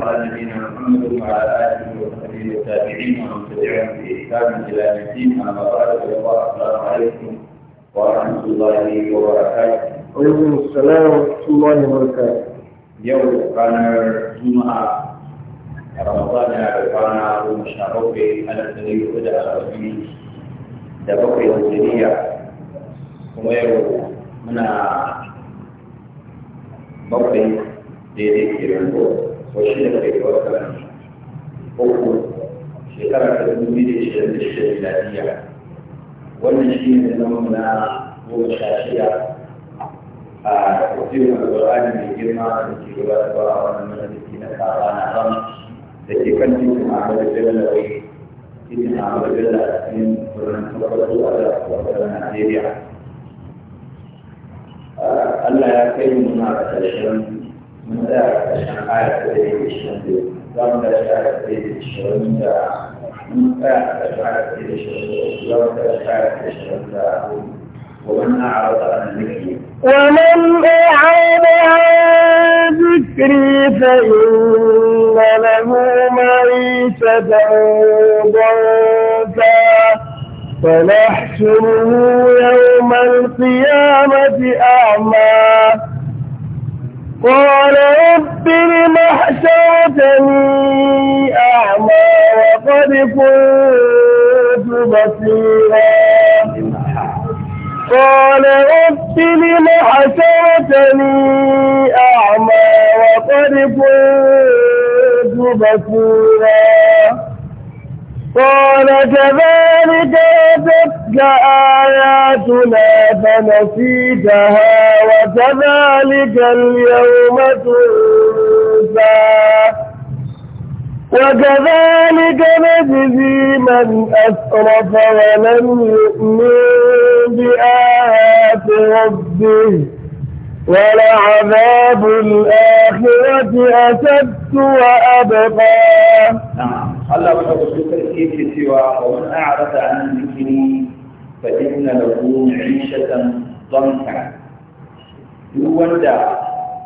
وعلى اله وصحبه ومن تبعهم باحسان الى يوم الدين اما بعد السلام عليكم ورحمه الله وبركاته. وعليكم السلام ورحمه الله وبركاته. يوم كان الجمعه رمضان يا رفانا على الذي بدا الرجيم da bakwai hijiriya kuma yau muna bakwai daidai وشيء لك يتوكل أخوة شكرا كالمبيد الشيء الشيء الذاتية والنشين أنهم لا ومشاشية تقسيم القرآن من جمع التي يبقى ومن التي نسعى ونعلم التي كانت مع الرجل لوي إن مع الرجل من قرآن فقط على وقرآن نيجيريا الله يكرم منا ومن أعرض عن ذكري فإن له معيشة ضنكا فنحشره يوم القيامة أعمى قال رب لم حشرتني أعمى وقد كنت بصيرا قال رب لم حشرتني أعمى وقد كنت بصيرا قال كذلك أتتك آياتنا فنسيتها وكذلك اليوم تنسى وكذلك نجزي من أسرف ولم يؤمن بآيات ربه ولعذاب الآخرة أشد وأبقى نعم. هلا بحب الذكر كيف سوى ومن أعرف عن الذكر فإن له معيشة ضنكا هو ودا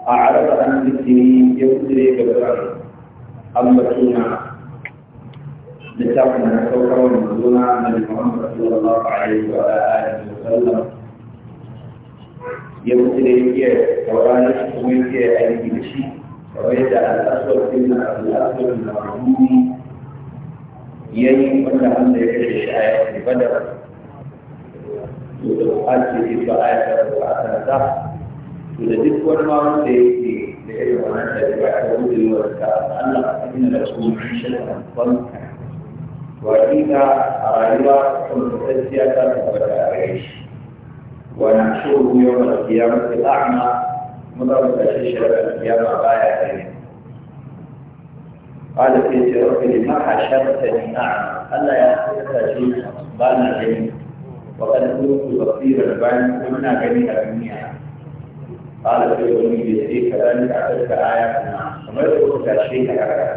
أعرف عن الذكر يبدري بالبر أما كنا نتاكم نتوقع ونزونا من محمد رسول الله عليه وعلى آله وسلم يبدري كيف قرآن الشيخ ومن كيف أليه بشيء ويدعى الأسوأ كنا أبو الأسوأ من ya yi wanda Allah ya kashe shi a yakin badar to da buƙaci ne ba a yakin da aka nasa to da duk wani ma wanda ya ke da irin wannan da ya ta wuce wa ta Allah a cikin da su mun shi da banka to hakika a rayuwa kwamfutacciya ta tabbata a gare shi ونحشره يوم القيامة الأعمى مضرب الشجرة القيامة غاية قال في رب لما حشرتني أعمى ألا يحسسك شيء بانا جميل وقد كنت بصيرا بعد كنا جميع الدنيا قال في يومي بيدي كذلك أعطتك آياتنا وما يذكرك شيء هكذا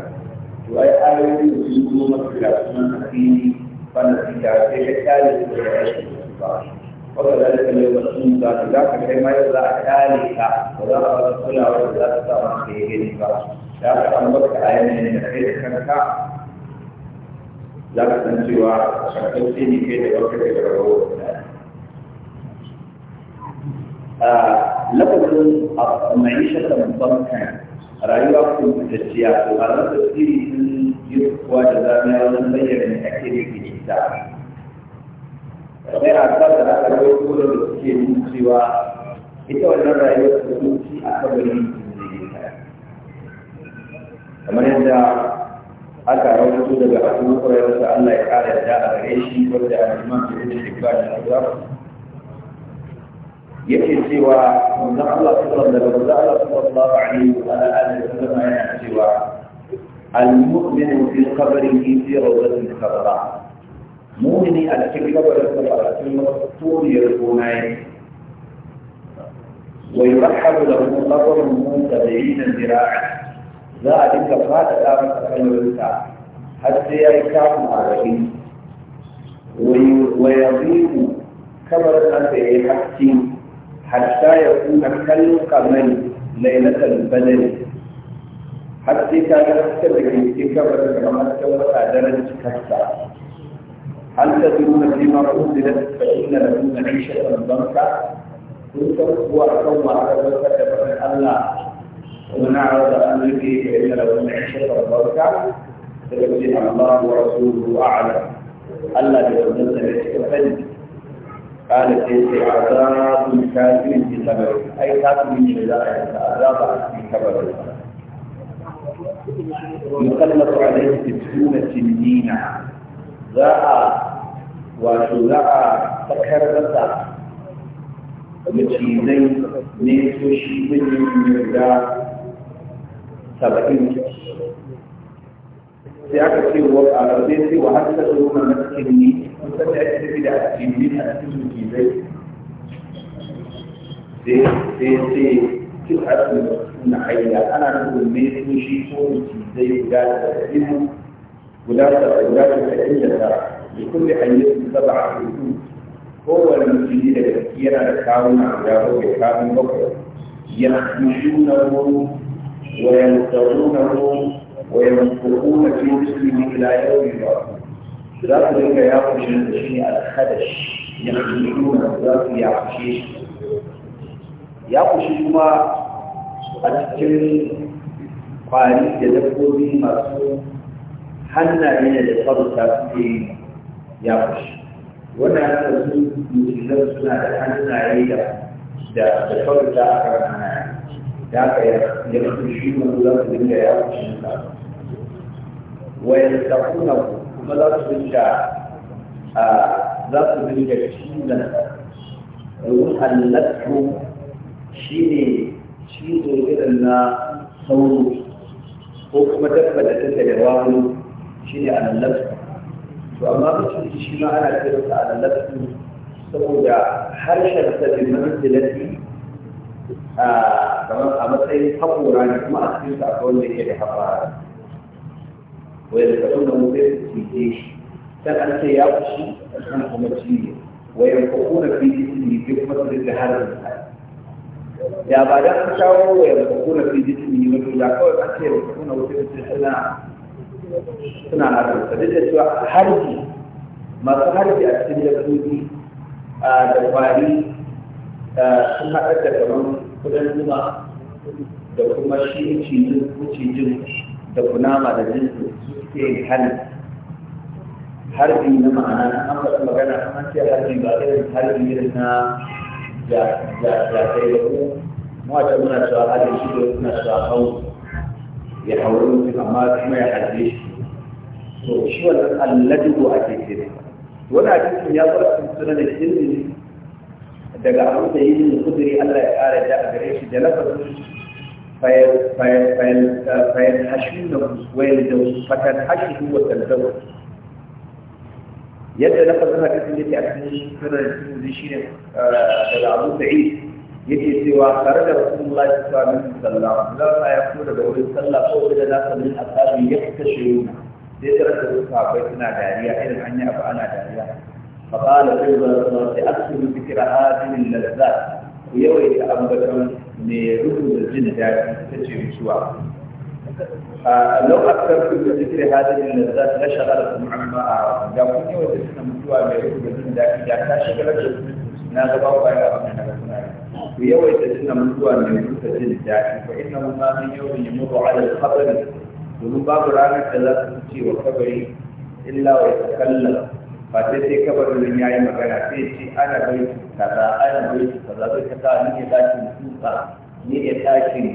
وأي آية يسلمون في الأسمان الديني فنسيت في الثالث والعشرين وكذلك لو يكون ذلك ذاك كما يضع ذلك ولا أرسل ولا تسمع فيه ذلك Ya aka an baka a yanayin da kai da kanka za ka san cewa shakkace ne kai da baka da rawo lafazin mai shakkan bankan rayuwa ko mutacciya to a nan tasiri sun yi kuwa da zamiya wajen bayyana ne a ke da ita sai a sa da aka rawo da suke nuna cewa ita wannan rayuwar ta zuci a kabari kamar yadda aka rawaito daga abu hurairah da Allah ya kara da a gare shi wanda al-imam ibn hibban ya rawaito yake cewa manzon Allah sallallahu alaihi wa sallam sallallahu alaihi wa alihi wa sallam yana cewa al-mu'minu fi qabrihi fi rawdatin khadra mu'mini a cikin kabarin sa a cikin turiyar gona yake ويرحب له قبر متبعين ذراعه za a dinga fada da masa kalmominsa har sai ya yi kafin arba'in wa yazidu kabarin nasa ya yi haske hatta ya kuna kallon kamari lailatul badari har sai ka ga hasken da ke cikin kabarin kamar hasken wata daren cikarsa هل تدرون فيما أنزلت فإن لكم معيشة ضنكا كنتم هو أكون على ذلك فمن الله ومن أعرض عن ذكري فإن له معيشة ضربتك فيقول الله ورسوله أعلم ألا يتمثل يتكفل قال كيف عذاب كافر في قبره أي كافر من شداء عذاب في قبره يخلص عليه ستون سنين ذا وشجاع سكر ذا نيسو نيسوشي من يرجع saba'in sai aka ce wa ƙarar zai ce wa har ta zo mana kirni kusan da ake tafi da kirni a cikin kizai sai sai sai kin asu na hayya ana nufin me sun shi ko kizai guda da ilmu guda da guda da ilmu da da kulli hayyatin sab'a hudu kowane mutum da gaskiya yana da kawuna guda bakwai kawun bakwai ya kushuna wani وينصرونه وينفقون في مسلم الى يوم الوقت ذات ذلك يعطش الشيء الخدش يخلقون ذات يعطشيش يعطش كما أتكلم قاري يدفوني مرسوم حنا من الفرد تاسكي يعطش وانا هذا الرسول مثل نفسنا حنا عيدا ده الفرد تاكرنا ذاك يخشونه لك من يا ويستقونه kuma za su dinga a za su dinga cizon ruhallattu shi ne cizo irin na sauro ko kuma dabba da take da wani shi ne alallattu to amma mutum shi ma ana kira sa alallattu saboda harshen sa bi manzilati a kamar a matsayin haƙora ne kuma a cikin sa wanda yake da haƙora wai da kasu da mutum su cije shi san an ce ya fushi san kuma ciye wai ya kwaku na fi jismi ke kuma su rike harin ya ba da an shawo wai ya kwaku na fi jismi ne mutum ya kawai an ce ya kwaku na wuce mutum suna suna harin sa duk da cewa harbi masu harbi a cikin dabbobi da kwari sun haɗar da kamar kudin zuba da kuma shi cinin kucijin da kunama da jinsu suke hali harbi na ma'ana an faɗi magana an ce harbi ba irin harbi irin na jatai da ku mawata muna cewa harbi shi da suna cewa hau ya hauru su amma kuma ya harbe shi to shi wannan alladu ake kere wani a cikin ya fara sunan da ilmi daga abu da yi da kudiri Allah ya ƙara da a gare shi da lafazin fayan hashin da wayan da fatan hashin wa taldawar yadda lafazin hadisin yake a cikin sirrin cikin shi ne eh, daga abu da yi yake cewa tare da rasulullahi sallallahu alaihi wasallam za ya fito daga wurin sallah ko da na ka bin asabi ya fita shi sai tare da wasu sahabbai suna dariya irin hanya ba ana dariya فقال سيدنا سأكتب ذكر هذه اللذات ويوي أبدا لرجل الجنة تجري سوى لو أكثرت من ذكر هذه اللذات لشغلت ما أعرف لو كنت يوي تسنى مجوى لرجل الجنة إذا كان شغلت ناغبا وغيرها من الأسنان ويوي تسنى مجوى لرجل الجنة فإنه ما من يوم يمر على الخبر ومن باب رانا ثلاثة تسير وخبري إلا ويتكلم ba sai sai kabarin ya yi magana sai ce ana bai su kaza ana bai su kaza sai ka sa ni ne tashin tsutsa, ni ne tashin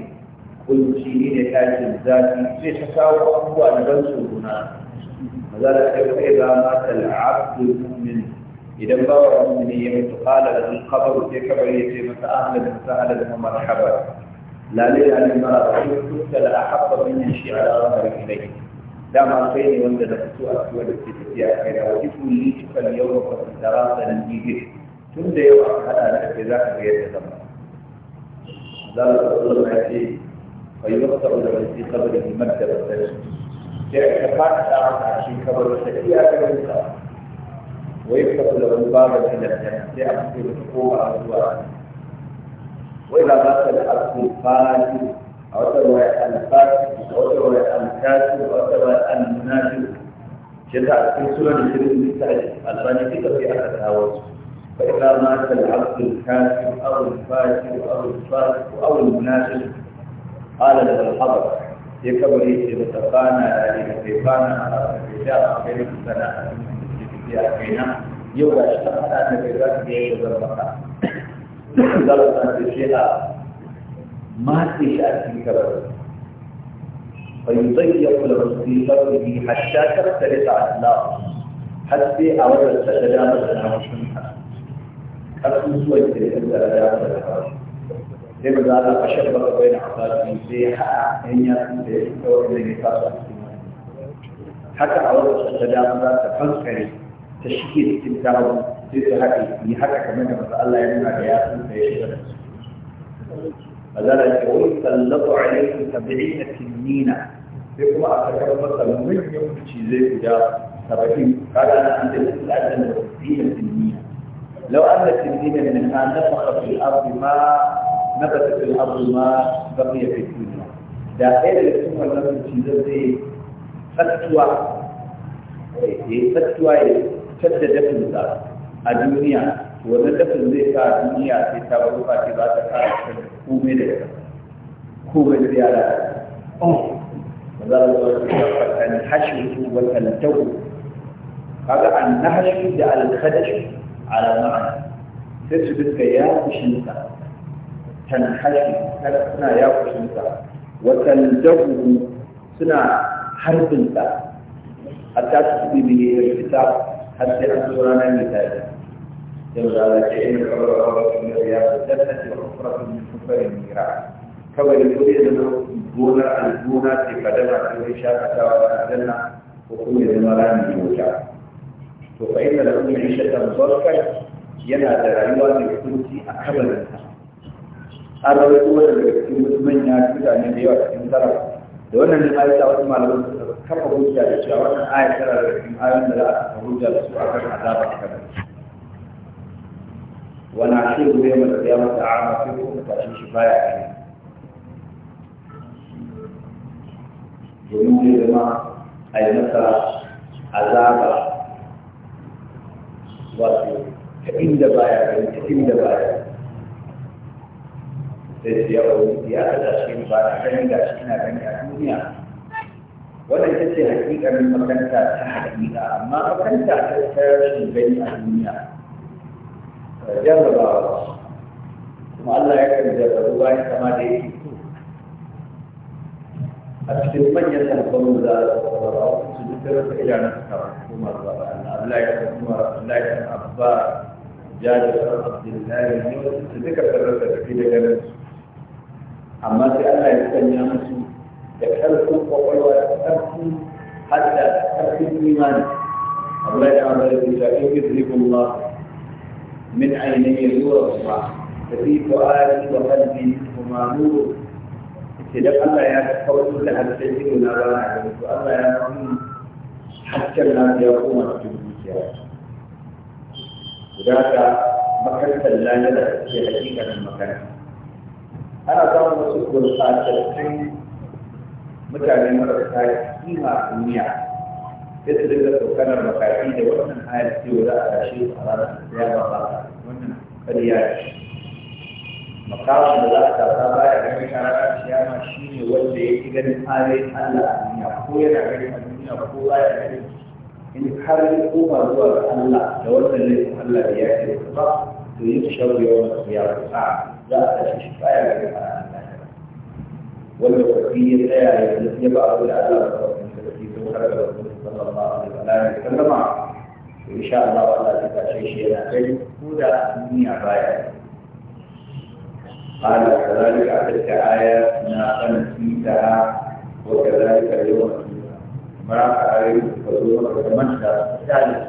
kunci ni ne tashin zafi sai ta kawo abubuwa na ban tsoro na maza da ta kai za ma tal'abdul mu'min idan ba wa mu'mini ya mutu kala da sun kabaru sai kabarin ya ce masa ahlan da sahala da marhaba lalai da alimara da kuma kuka da ahabba min shi'a da rahar ilai dama kai ne wanda na fito a cikin da ke tafiya a kai da wani kulli cikin yau ba su tara sanin gidi tun da yau aka hada da kai za ka ga yadda zama za ka tsoro na ce bai yi wata wanda bai ce saboda himar da ba ta shi sai aka fata da aka shi kamar da tafiya ga wuta wai ka kula wani babu da lantarki sai a fito da koma zuwa wai za ka da alfufani أو تروي الفاسد أو تروي الكاسب أو تروي المنافق شتاء في سورة الكريم أن الألباني كيف في أحد الهوس فإذا مات العبد الكاسب أو الفاسد أو الفاسق أو المنافق قال له الحضر في قبره بتقانا لنفيقانا رجاء بين السنة في أخينا يوجد شخص أن في ذلك يجب المقام ضربا ما فيش شأن كبر فيضيق له في قلبه حتى تختلط أخلاقه حتى أردت تتجاوز عن شنها أصل سوى تتجاوز عن لما قال أشبك بين عبادي سيحة إن يكون في النفاق حتى أردت تتجاوز تفكري تشكيل استمتاعه في حكي في حكي كمان الله يمنع ياسم في شغله أذلك ويسلط عليهم سبعين تنين فيكم أتكرم مثلا من يوم تشيزي كجا سبعين قال أنا أنت الأجل ستين تنين لو أن التنين من الآن نفخ في الأرض ما نبت في الأرض ما بقي في الدنيا دائرة لكم أنهم تشيزي فتوى فتوى تشددت الأرض الدنيا wannan dafin zai sa duniya sai ta wani ba ce za ta kara kan komai da yara komai da yara ba za a zo da tabbata ne hashin su wata lantarki kaga an na hashin da alkadashi ala ma'ana sai su duka ya kushinsa tan hashin suna ya kushinsa wata lantarki suna harbinsa a tasu su bi ne ya fita har sai an zo rana mai tarihi جل على شيء كبر أرض من رياض الجنة وحفرة من حفر الميراث كبر الكريم أنه بونا البونا في قدمة الرشاة تاوى الجنة وكل المرام يوجع فإن لهم عيشة مبركة ينادى رأيوة الكنسي أكبر أرى الأول الكنسي من يأكل عن الرياض من طرف da wannan ne ayi ta wasu malaman suka kafa hujja da cewa wannan ayi tana da cikin ayoyin da za a kafa hujja da su akan azaba ta kabari ونعشره يوم القيامة أعمى فيكم فإن شفاء domin girma a yi masa azaba wato ta inda baya gani ta inda baya sai su yawa wani ya kada shi ba na ganin da shi na gani a duniya wannan ita ce hakikanin makanta ta hakika amma makanta ta tsarashin gani a duniya jarrabawa kuma Allah ya kan jarrabu bayan kama da yake a cikin manyan sabon da su duk rasa idanun su kama kuma zuwa ba. Allah Allah da kan kuma da ya abdullahi ne su duka rasa tafi da ganin su amma sai Allah ya sanya musu da karfin kwakwalwa da karfin hadda karfin imani Allah ya amara da ta in yuzrikum Allah من عيني نور الله ففي فؤادي وقلبي هما نور ابتدأ الله يا قول كلها بتجديد ما لا نعرف الله يا رحيم حتى الناس يقومون في المسيرة وذاك مكان لا يدع في حقيقة المكان أنا طبعا شكر الخاتم متى لم يرد هذا فيها المياه sai su dinga tsokanar makafi da wannan ayar ciwo za a tashe su a ranar kiyama ba wannan ƙarya ce makafin da za a tasa baya ganin a ranar kiyama shi ne wanda ya ki ganin ayoyin Allah a duniya ko yana ganin a duniya ko baya ganin in har ya koma zuwa ga Allah da wannan laifin Allah da ya ce ba to yi shauri yawan kiyama ba za a tashe shi baya ganin a ranar kiyama wanda kwafi ya tsaya ya ba abu da Allah ba kwafi da kwafi sun karɓar صلى الله عليه وسلم إن شاء الله الله ذكر شيء شيء نافذ هدى الدنيا قال كذلك تلك آية ما نسيتها وكذلك اليوم ما أعرف فزور وتمنى ذلك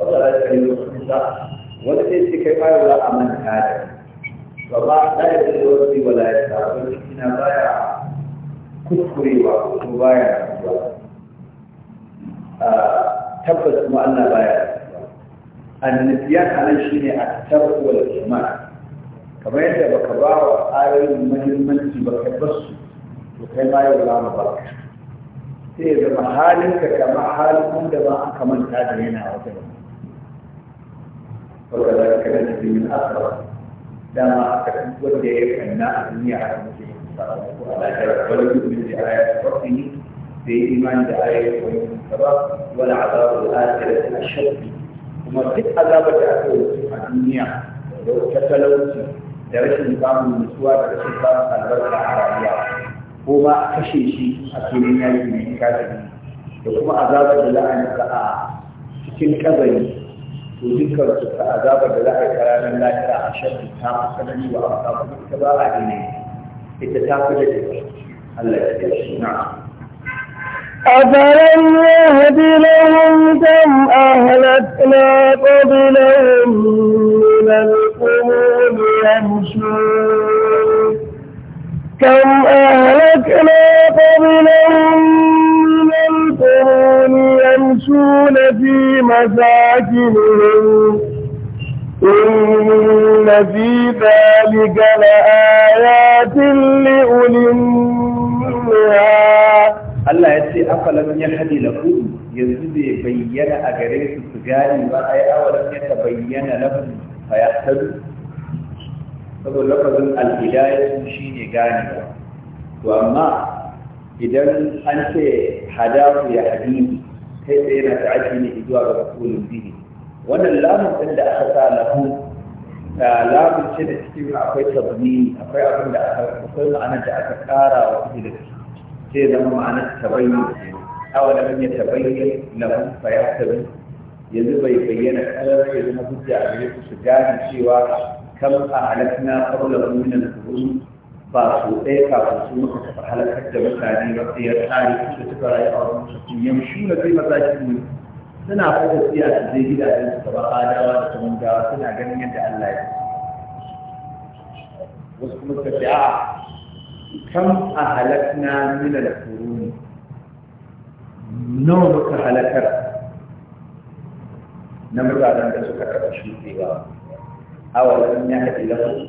وكذلك اليوم النساء وليس كفاية ولا أمن هذا والله لا يدل ولا يسعى ولكن بايع كفري وبايع الله tabbas kuma Allah baya annabiyan anan shine at-tarku wal jamaa kamar yadda baka ba wa ayoyin muhimmanci ba ka basu to kai ma yau za mu ba sai ya zama halinka kama halin wanda ba an kamanta da yana wajen saboda za ka kada ta min asara dama aka wanda ya kanna a duniya a kan mutum ko a lafiyar wani mutum da ya raya da بإيمان بآية والعذاب الآخرة أشد وما قد عذاب الآخرة في الدنيا لو كتلوت درس نظام النسوة درس نظام البلد العربية وما أخشي شيء أكيدنا من كاتبين وكما عذاب الله أن يقع cikin kabari to dukkan su ta azabar da za a yi ranar lafiya a shafi ta fi sanani wa a samu ta ba a ne ita ta fi da Allah ya ce shi na'am أفلم yahdi lakum yanzu bai bayyana a gare su su gane ba a awalan ya ta bayyana na lakum fa yahtadu saboda lafazin al shi ne gane to amma idan an ce hadafu ya hadini kai tsaye na ta ta'addi ne zuwa ga makulun bihi wannan lamun ɗin da aka sa lahu da lamun ce da cikin akwai tabni akwai abin da aka akwai ma'anar da aka kara wa kuɗi da shi sai zama ma'anar tabayyu أو لم يتبين له فيعتبر يجب أن يبين الأمر إذا ما بدي أعرف سجان سوى كم أعلتنا قبل من القرون باسو أي كابو سوى أهلك حتى مثاني وقتي الحالي كنت تقرأ يا أرم يمشون في مزاجهم سنة أفضل سياسة زي جدا أن تتبقى دعوة تقوم دعوة سنة أجنية تعالى وسكمت الدعاء كم أهلكنا من القرون نو تهلكر نمر بعد أن تسوك أرشم فيها أو لم يهد له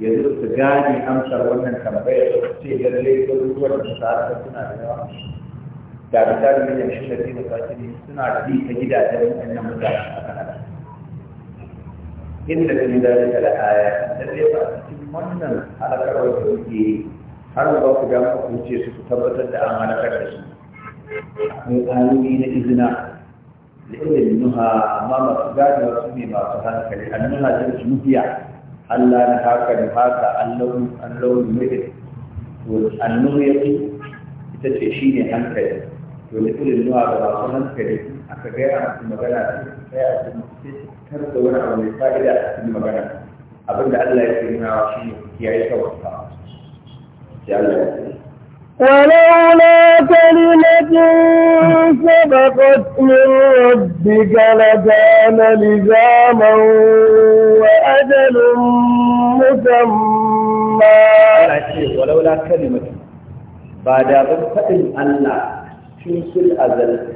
يدل تجاني أمسر ونن كما بيت تسيه يدلي تدلو ونسار فتنا بيوامش تابتال من يمشي الذين قاتلين سنع دي تجد أجل أن نمر إن لكم ذلك الآية الذي فأنتم منا على كروة المجيه هل الله تجمع في جيسك تبتد أمانك الرسول akwai ayoyi na izina da irin nuha amma masu gajewa su ne masu hankali an nuna da nuhiya Allah na haka da haka an launin mutum an nuhiyatu ita ce shi ne hankali to da irin nuha da masu hankali aka gaya masu magana sai su tsaya su kar da wani abu mai fa'ida a cikin magana abinda Allah ya fi nuna shi ne kiyaye kawai ta. Ya Allah ولولا كلمة سبقت من ربك لكان لزاما وأجل مسمى ولولا كلمة بعد أن الله في الأزل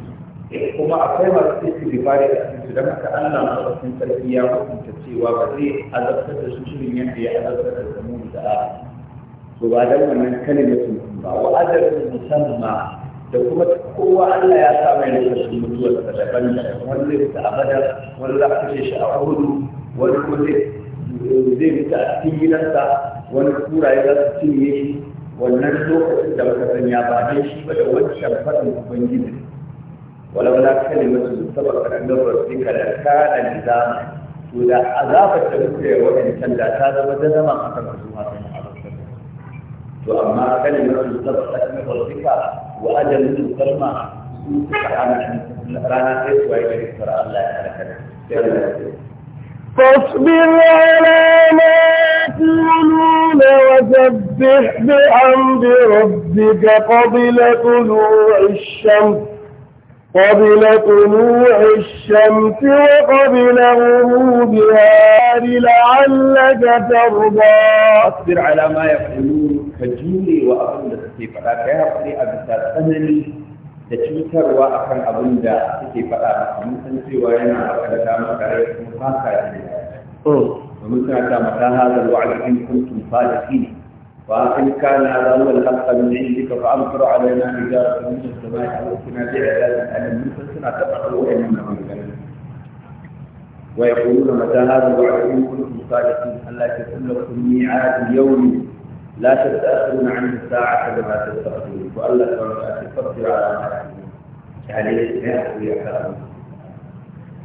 kuma akwai masu da bari a cikin su don haka Allah wasan sarki ya hukunta cewa ba zai azabtar da su shirin yadda ya azabtar da zamu da a to ba dan wannan kalimatun ba wa adabin musamma da kuma kowa Allah ya sa mai lokacin mutuwa da daban da wani zai fita a Bada, wani za a kashe shi a hudu wani kuma zai fita a cikin gidansa wani kuraye za su cinye shi wannan lokacin da baka sanya ba ne shi ba da wancan faɗin ubangiji ولولا كلمة سبقت من بك لكان لزاما وإذا عذاب التبكير وإن كان لا تازم ما حتى مرسوها من وأما كلمة سبقت من ربك وأجل مسلمة سبحانه رانا تسوى إلى إسراء الله تعالى فاصبر على ما يقولون وسبح بحمد ربك قبل طلوع الشمس قبل طلوع الشمس وقبل غروبها لعلك ترضى اصبر على ما يفعلون فجوري وأبن دا سكي فلا كيفري أبسا سنني تشوتر وأكن أبن دا سكي فلا من سنسي وينا أكد دام كريم مخاكا ومن سنة متى هذا الوعد إن كنتم صادقين وإن كان هذا هو الحق من عندك فأمطر علينا حجارة من السماء أو ائتنا بعذاب أليم فسنا تفعلوا إننا مبتلون ويقولون متى هذا الوعد إن كنتم صادقين ألا تكون لكم ميعاد يوم لا تتأخرون عن الساعة كما تستقبلون وألا تقدر على ما يعني إيه؟ إيه يا يحكي يحكمون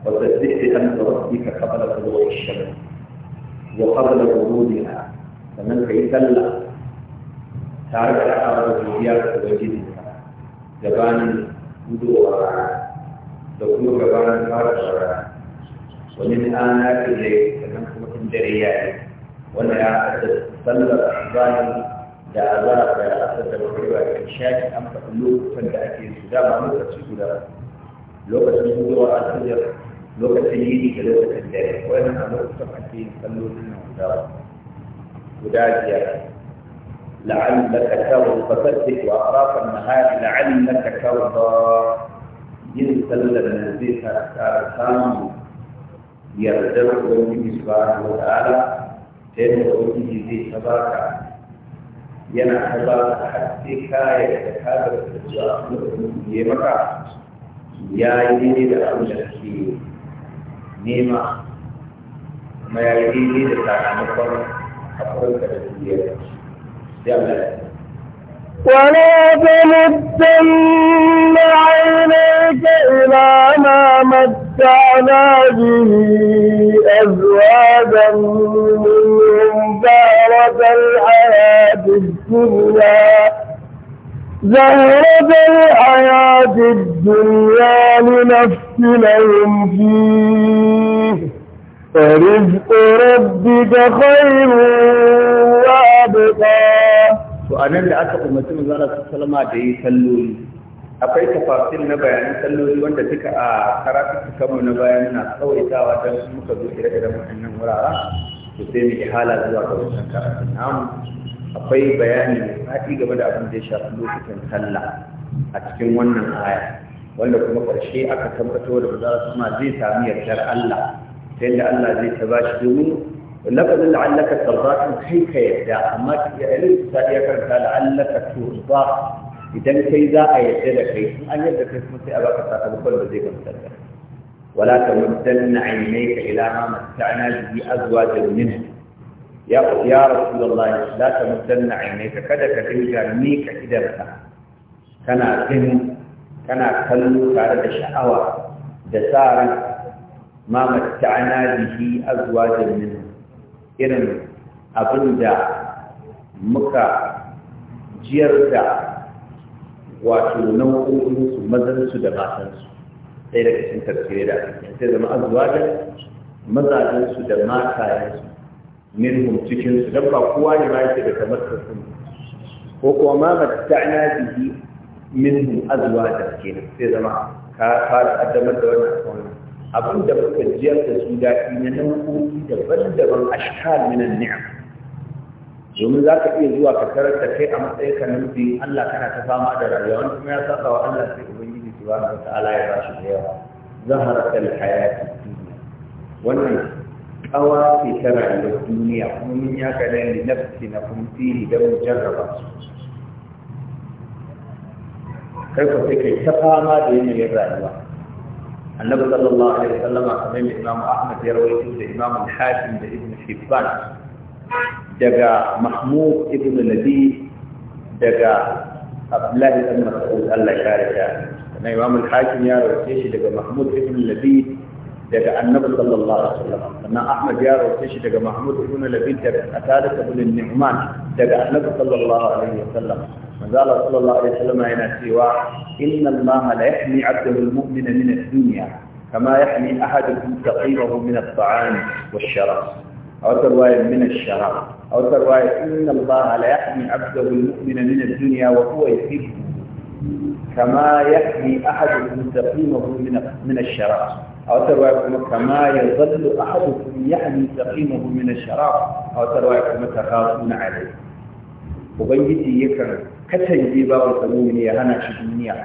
وسبح بأمر ربك قبل طلوع الشمس وقبل غروبها فمن كيف لا tare da al'amar godiya ga ubangiji gabanin gudowa da kuma gabanin fara saurara wani ana ta ne sannan kuma in dare ya yi wanda ya haɗa sallar zanen da azara da asar da makarwa da shafi an faɗi lokutan da ake su dama lokaci guda lokacin gudowa a sallar lokacin yini da lokacin dare wannan a lokutan ake yin sallolin nan guda guda biyar لعلك ترضى فتك واطراف النهار لعلك ترضى يسلم بها كارثان يرجو ربه سبحانه وتعالى تدعوه في سباك ينا سباك حتى يتكابر في مكة يا يدي لأولك نيمة ما يدي لتعلمكم أفضل لك ولا تمدن عينيك إلى ما متعنا به أزواجا منهم زهرة الحياة الدنيا زهرة الحياة الدنيا لنفتنهم فيه فرزق ربك خير وأبقى to a nan da aka umarci manzo su sallama da yi salloli akwai tafasil na bayanan salloli wanda duka a karatu kanmu na bayan na tsawaitawa don muka zo ire-iren waɗannan wurare to sai mu ihala zuwa ga wannan karatu namu akwai bayani mai faɗi game da abin da ya shafi lokacin sallah a cikin wannan aya wanda kuma ƙarshe aka tabbatar da manzo zai sami yardar Allah ta yadda Allah zai ta bashi domin ولكن لعلك ترضاك كيف يدعى ما كيف يدعى لعلك ترضى إذن كيف يدعى كيف أن يدعى كيف مسي أبا كتاك بكل بزيك مستدى ولا تمدن عينيك إلى ما مستعنا به أزواج منه يا يا رسول الله لا تمدن عينيك كدك كتلك ميك إذا بها كنا أتم كان أتلو كارد شعوة دسارا ما مستعنا به أزواج منه irin abin da muka jiyar da wato mazan su da matansu ɗaya daga cikin tafsirai da ake sai zama azuwa da su da matayensu minhum su. don ba kowa ne ma yake da kamar sun ko kuma ma matta'na bihi minhum azwajan kenan sai zama ka fara addamar da wannan wannan abin da muka jiyar da su daɗi na nau'o'i daban-daban a shahar minan ni'am domin za ka iya zuwa ka karanta kai a matsayin ka na mutum Allah kana ta fama da rayuwa wani kuma ya saba wa Allah sai ubangiji subhanahu wa ta'ala ya bashi da yawa zahara tal ta duniya. wannan kawa ce ta rayuwar duniya kuma mun ya kada ne na kun fili da mu jarraba su kai sai kai ta fama da yanayin rayuwa النبي صلى الله عليه وسلم أمام الإمام أحمد يروي الإمام الحاكم لابن حبان دقى محمود ابن لبيب دقى عبد الله بن مسعود الله يبارك أن الإمام الحاكم يروي شيء دقى محمود ابن لبيد دقى النبي صلى الله عليه وسلم أن أحمد يروي شيء دقى محمود ابن لبيد دقى أتادة ابن النعمان دقى النبي صلى الله عليه وسلم قال صلى الله عليه وسلم إن الله لا يحمي عبده المؤمن من الدنيا كما يحمي أحدكم تقيمه من الطعام والشراب أو ترواية من الشراب أو ترواية إن الله لا يحمي عبده المؤمن من الدنيا وهو يحبه كما يحمي أحدكم تقيمه من من الشراب أو ترواية كما يظل أحدكم يحمي تقيمه من الشراب أو ترواية كما عليه وبيتي يكرم katange babu tsaro ne ya hana shi duniya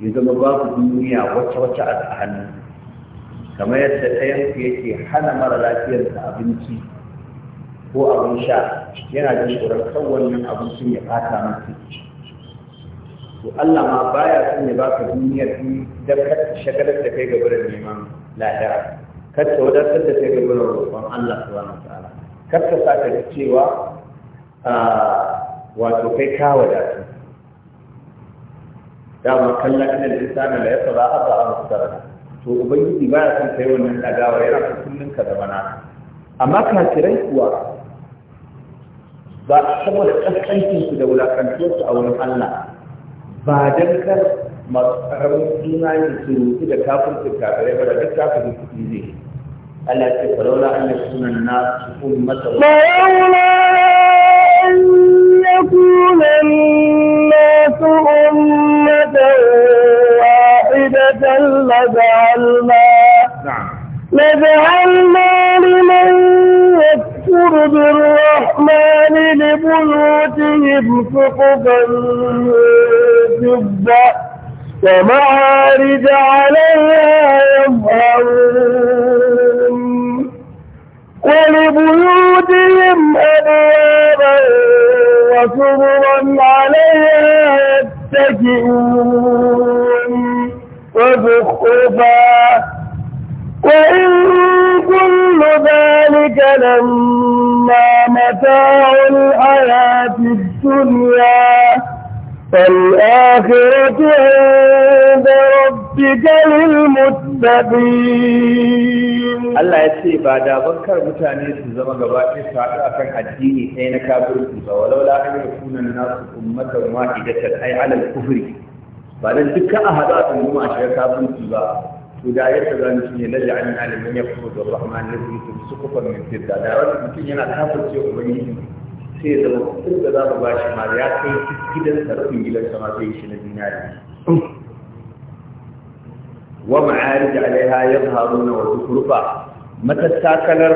ya zama babu duniya wacce wacce a hannu kamar yadda ɗayan ku yake hana mara lafiyarsa abinci ko abin sha yana jin tsoron kan wannan abincin ya ɓata masa to Allah ma baya son ya baka duniyar in da ka shagalar da kai gaban neman lahira kar ta wadatar da kai gaban roƙon Allah subhanahu wa ta'ala kar ta cewa ah, wato kai ka wadatu dama kallon inda insani la yasa za a ba a musara to ubangiji ba ya son kai wannan dagawa yana son kullun ka zama na amma kafirai kuwa ba saboda kaskancin su da wulakantuwar su a wurin Allah ba dan kar masu karamin imani su rutu da kafircin kafirai ba da duk kafirin kuɗi zai Allah ya ce falola an sunan na masa falola تكون الناس أمة واحدة لجعلنا نعم. لجعلنا لمن يكفر بالرحمن لبيوتهم سقفا جبا ومعارج عليها يظهرون ولبيوتهم أبوابا وسررا عليها يتكئون وزخرفا وإن كل ذلك لما متاع الحياة الدنيا فالآخرة عند ربك للمتقين الله يسي بعد بكر متاني سيزم غباكي ساعة أكن الدين أين كابر ولولا أن يكون الناس أمة واحدة أي على الكفر بعد ذلك أحد أتمنى ما شركا بنتبا ودا يتغان شيء على من يفرض الرحمن الذي يتم من فضة دا رب ممكن ينا كافر شيء sai ya zama kuɗin da za mu ba shi ma ya kai gidan sarrafin gidan sama sai shi na dinari wa ma'arij alaiha yadharuna wa tukrufa matattakalar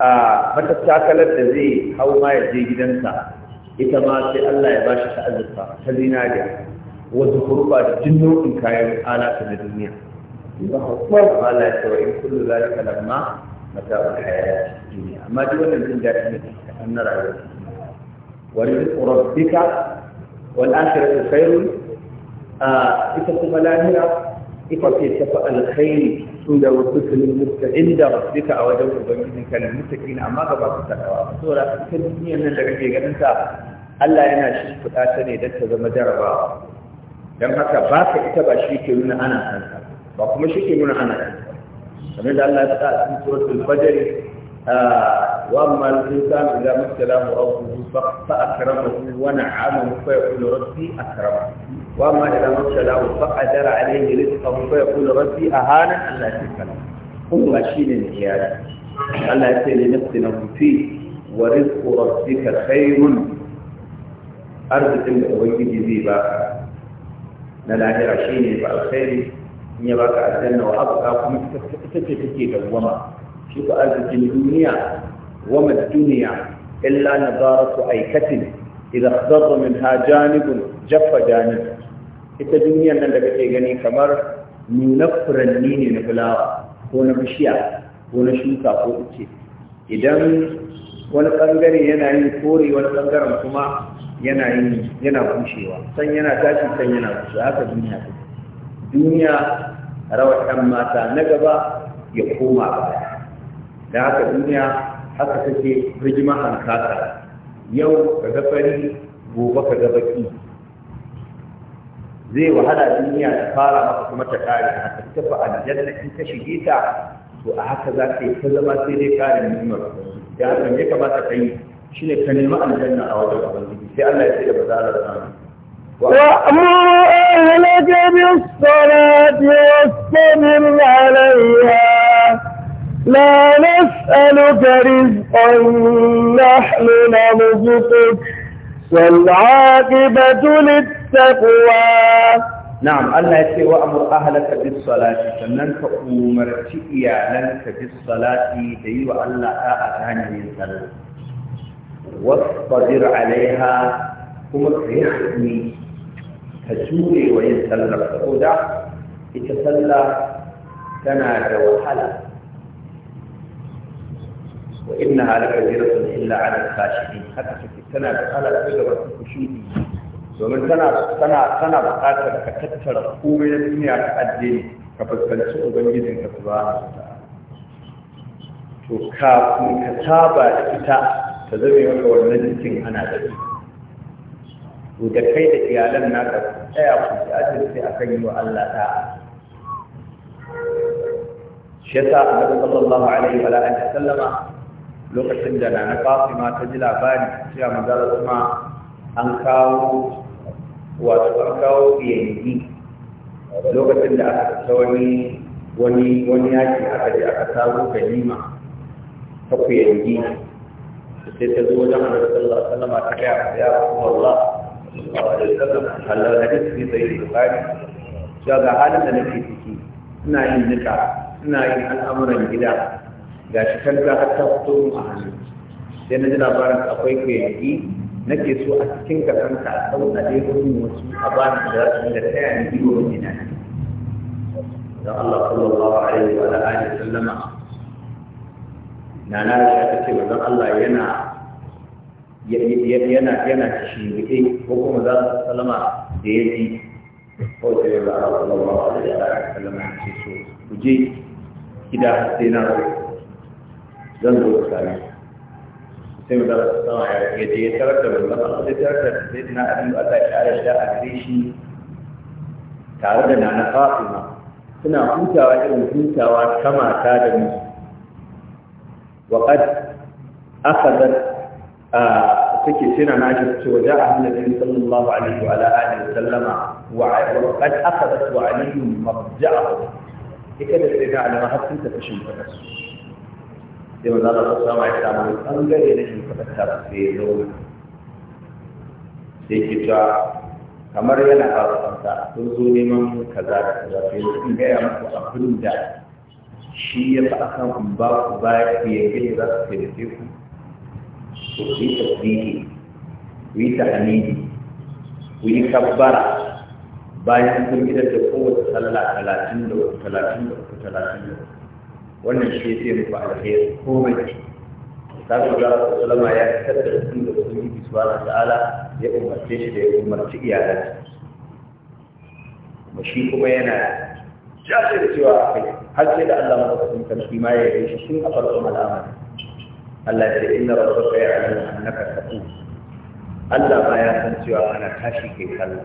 a matattakalar da zai hau ma ya je gidansa ita ma sai Allah ya bashi ta azurfa ta zinariya wasu kurba da jin nau'in kayan alata na duniya ba hukumar Allah ya tsawo in kullu zalika lamma mata wal hayat duniya amma duk wannan jin daɗi ne na rayuwa wani rabbika wal akhiratu ita kuma lahira ita ce tafi alkhairi inda inda ba su takawa saboda ita duniyar da kake ganin ta yana shi fita ta ne kuma Aa, wa mu al-duna samun ilhamun da za mu abu, mu faɗa a karamar suna wani aama, mu fayyabun raffi Wa mu al-duna mafidala a abubuwa, a jara allah ya ke kala. Kuma ba Allah ya ne na na mutu, wa rizu ba kuke ka da ban yi ba. Na labirawa shi ba sai in ya ba ka wa abu, kuma isa ce take ke da ruwa Shuka ku arzikin duniya wa duniya illa nadaratu aikatin idan zarra min ha janibun jaffa janib ita duniyan nan da kake gani kamar nuna furanni ne na fulawa ko na bishiya ko na shuka ko ice idan wani bangare yana yin kore wani bangaren kuma yana yin yana bushewa san yana tashi san yana bushewa haka duniya ta duniya rawar ɗan mata na gaba ya koma baya da haka duniya haka take rigima hankaka yau ka ga fari gobe ka ga baki zai wahala duniya ta fara maka kuma ta kare haka ta fa aljanna in ka shige ta to a haka za ka yi ta zama sai dai kare ni'imar da haka ne kamata ka yi shine ka nemi aljanna a wajen ubangiji sai Allah ya ce da ba za a rasa وأمر أهلك بالصلاة واستمر عليها لا نسألك رزقا نحن نرزقك والعاقبة للتقوى نعم الله يتي وأمر أهلك بالصلاة سننك أمرت إيالنك بالصلاة ديو الله أعطاني من صلاة واصطدر عليها كما تيحني تجوري وإن صلى فقودا إتصلى تنادى وحلق inna halaka ziratun illa ala al-khashiin haka take tana da da wasu kushudi domin tana tana tana buƙatar ka tattara komai na ka addini ka fuskanci ka subhanahu to kafin ka saba da ita ta zame maka wannan jikin ana da shi to da kai da iyalan naka tsaya ku ji ajirce akan yi wa Allah da'a shi yasa annabi sallallahu alaihi wa alihi sallama lokacin da na ma ta ji labari cewa manzala kuma an kawo wato an kawo yanki lokacin da aka ta wani wani wani yaki aka ji aka samu ganima ta ku yanki sai ta zo wajen Annabi sallallahu alaihi wasallam ta ga ya Allah sallallahu alaihi wasallam Allah hadisi fi sahih Bukhari cewa ga halin da nake ciki ina yin nika ina yin al'amuran gida ga shi kalga har ta fito a hannu sai na ji labarin akwai kayayyaki nake so a cikin kasanka a tsawon a ɗaya wurin wasu a bani da za su da taya ni biyo wani na dan Allah sallallahu alaihi wa alihi sallama na na ya ta ce dan Allah yana yana yana ne ko kuma za su sallama da ya ji ko sai Allah sallallahu alaihi wa alihi sallama ya ce so ku je gida sai na rawa ذنب الثاني سيما ترى يترتب المطر قد يترتب سيدنا ابن ابا شارج جاء بريشي تعرضنا نقائمة سنا حوتا وحر حوتا كما تادم وقد أخذت آه سكي سنة ناجد وجاء النبي صلى الله عليه وعلى آله وسلم وقد أخذت وعلي مرجعه sai maza za sassa ma ya samu ɓangare na shimfiɗarta sai ya zauna sai ke ta, kamar yana kanta sun zo neman kaza da kaza sai sun gaya muku abin da shi ya fi akan in ba ku ya fi yanke da za su taimake ku ku yi tasbihi ku yi tahmidi ku yi kabbara bayan kun gidan da kowace sallah talatin da uku talatin da uku talatin da uku wannan shi ya muku alheri komai da shi sabon Allah sallama ya fitar da su da ubangiji subhanahu ta'ala ya umarce shi da ya umarci iyalansa kuma shi kuma yana jaje da cewa akai har sai da Allah madaukakin sarki ma ya yi shi sun a farkon al'amari Allah ya ce inna rabbaka ya'lamu annaka taqum Allah ba ya san cewa ana tashi kai sallah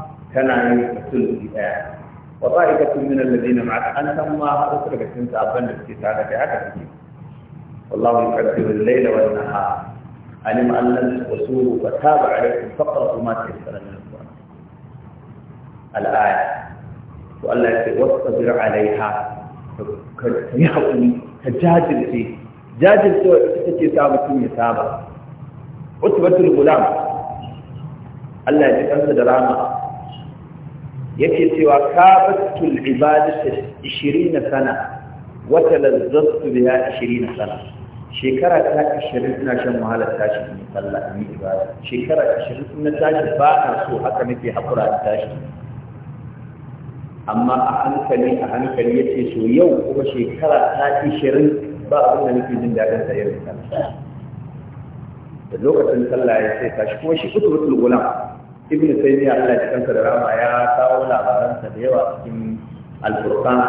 كان عليك الثلث الآن وطائفة من الذين معك أنت الله أترك أنت أبن الكتابة عدد والله يكبر الليل والنهار علم أن لن وصولوا فتاب عليكم فقرة ما تيسر من القرآن الآية وأن لا تصبر عليها يحوني تجادل فيه جادل سوء تتكي سابة كمية سابة عتبة الغلام الله يجب أن تدرامها yake cewa kabatul ibadatu 20 sana wa talazzatu biha 20 sana shekara ta 20 ina shan wahalar tashi ne sallah ni ibada shekara 20 ina tashi ba na so haka nake hakura da tashi amma a hankali a hankali yace so yau kuma shekara ta 20 ba abin da nake jin dadin sa irin sallah da lokacin sallah ya sai tashi kuma shi kutubatul gulam ibn taymiya Allah ya kansa da rama ya kawo labaransa da yawa cikin alfurqan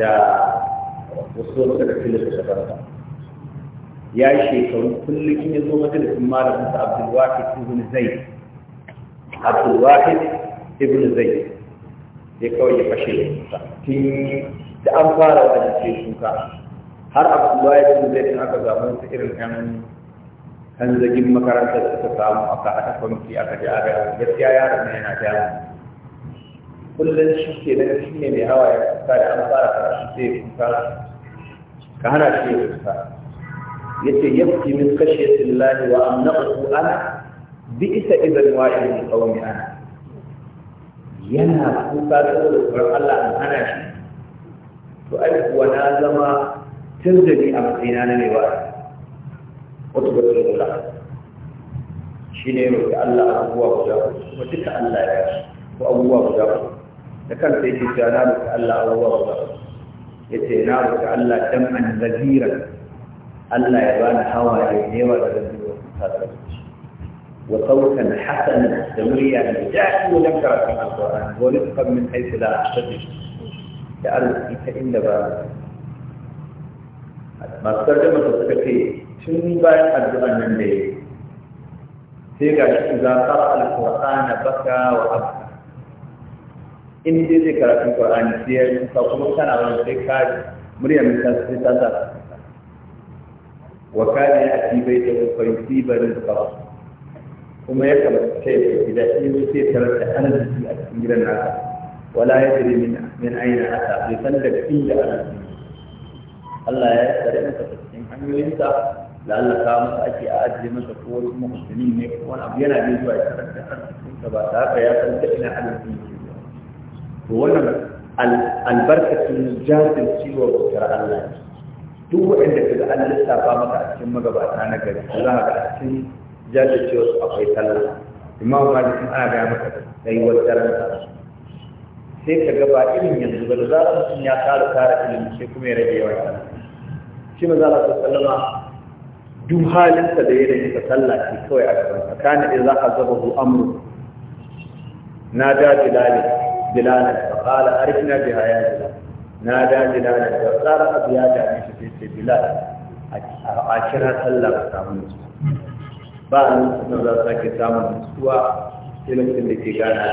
da wasu da filin da barka ya yi shekaru kullum in ya zo majalisin malamin sa Abdul Wahid ibn Zayd Abdul Wahid ibn Zayd ya kawai ya fashe tin da an fara wajen ce shuka har Abdul Wahid ibn Zayd aka su irin 'yan hanzagin makarantar da suka samu aka haɗa kwamiti aka ji aka yi gaskiya yaron na yana jamu kullum shi ke nan shi ne mai hawa ya kusa da an fara shi sai ya ka hana shi ya kusa? ya ce fi min kashe tillahi wa ƙasu ana bi isa idan wa'in min qawmi ana yana kusa da tsoron Allah an hana shi to ai kuwa na zama tun da ni a matsayina na mai ba. وتبتغ له شيني روكي الله ابواب وجاهه وتك الله ياشي وأبوه وجاهه لكن تيجي جانبك الله أبوه وجاهه يتنابك الله دمعا غزيرا الله يبان هوا يديوه لغزيوه وصوتا حسنا دوريا جاء ولم ترى كما القرآن ورزقا من حيث لا أحتسب كأرزقك إلا بارك ما ترجمة تسكتي tun bayan addu'an nan da ya sai ga shi za ka alƙur'ana baka wa abka in dai zai karatu ƙur'ani sai ya yi ka kuma kana wani sai ka muryar misal sai ta sa wa kana ya ati bai da kwaisi barin ka kuma ya kamata sai ya gida in sai tarar da arziki a cikin gidan nasa wala ya jiri min min aina asa bai san daga inda arziki Allah ya tsare masa cikin hanyoyinsa da Allah ka masa ake a ajiye masa ko wani kuma musulmi ne ko wani abu yana da zuwa ya karanta arzikinsa ba ta haka ya san ta ina arzikin ke ba to wannan albarkacin jajin ciwo ga kira Allah ne duk waɗanda kaga an lissafa maka a cikin magabata na gari ko za ka ga a cikin jajin ciwo akwai talla, imamu malik ana ga maka da yi wata ranta sai ka ga ba irin yanzu ba da zarar mutum ya ƙara ƙara ilimi sai kuma ya rage yawan sallah shi ma za ka sallama duk halinsa da yanayin ka sallah kawai a gaban ka kana in za a zaba zu amru na da bilal bilal fa qala arifna bi hayati na da bilal da tsara abu ya dame shi sai ce bilal a kira sallah ba samu nutsuwa ba a nutsuwa za su sake samun nutsuwa sai lokacin da ke gana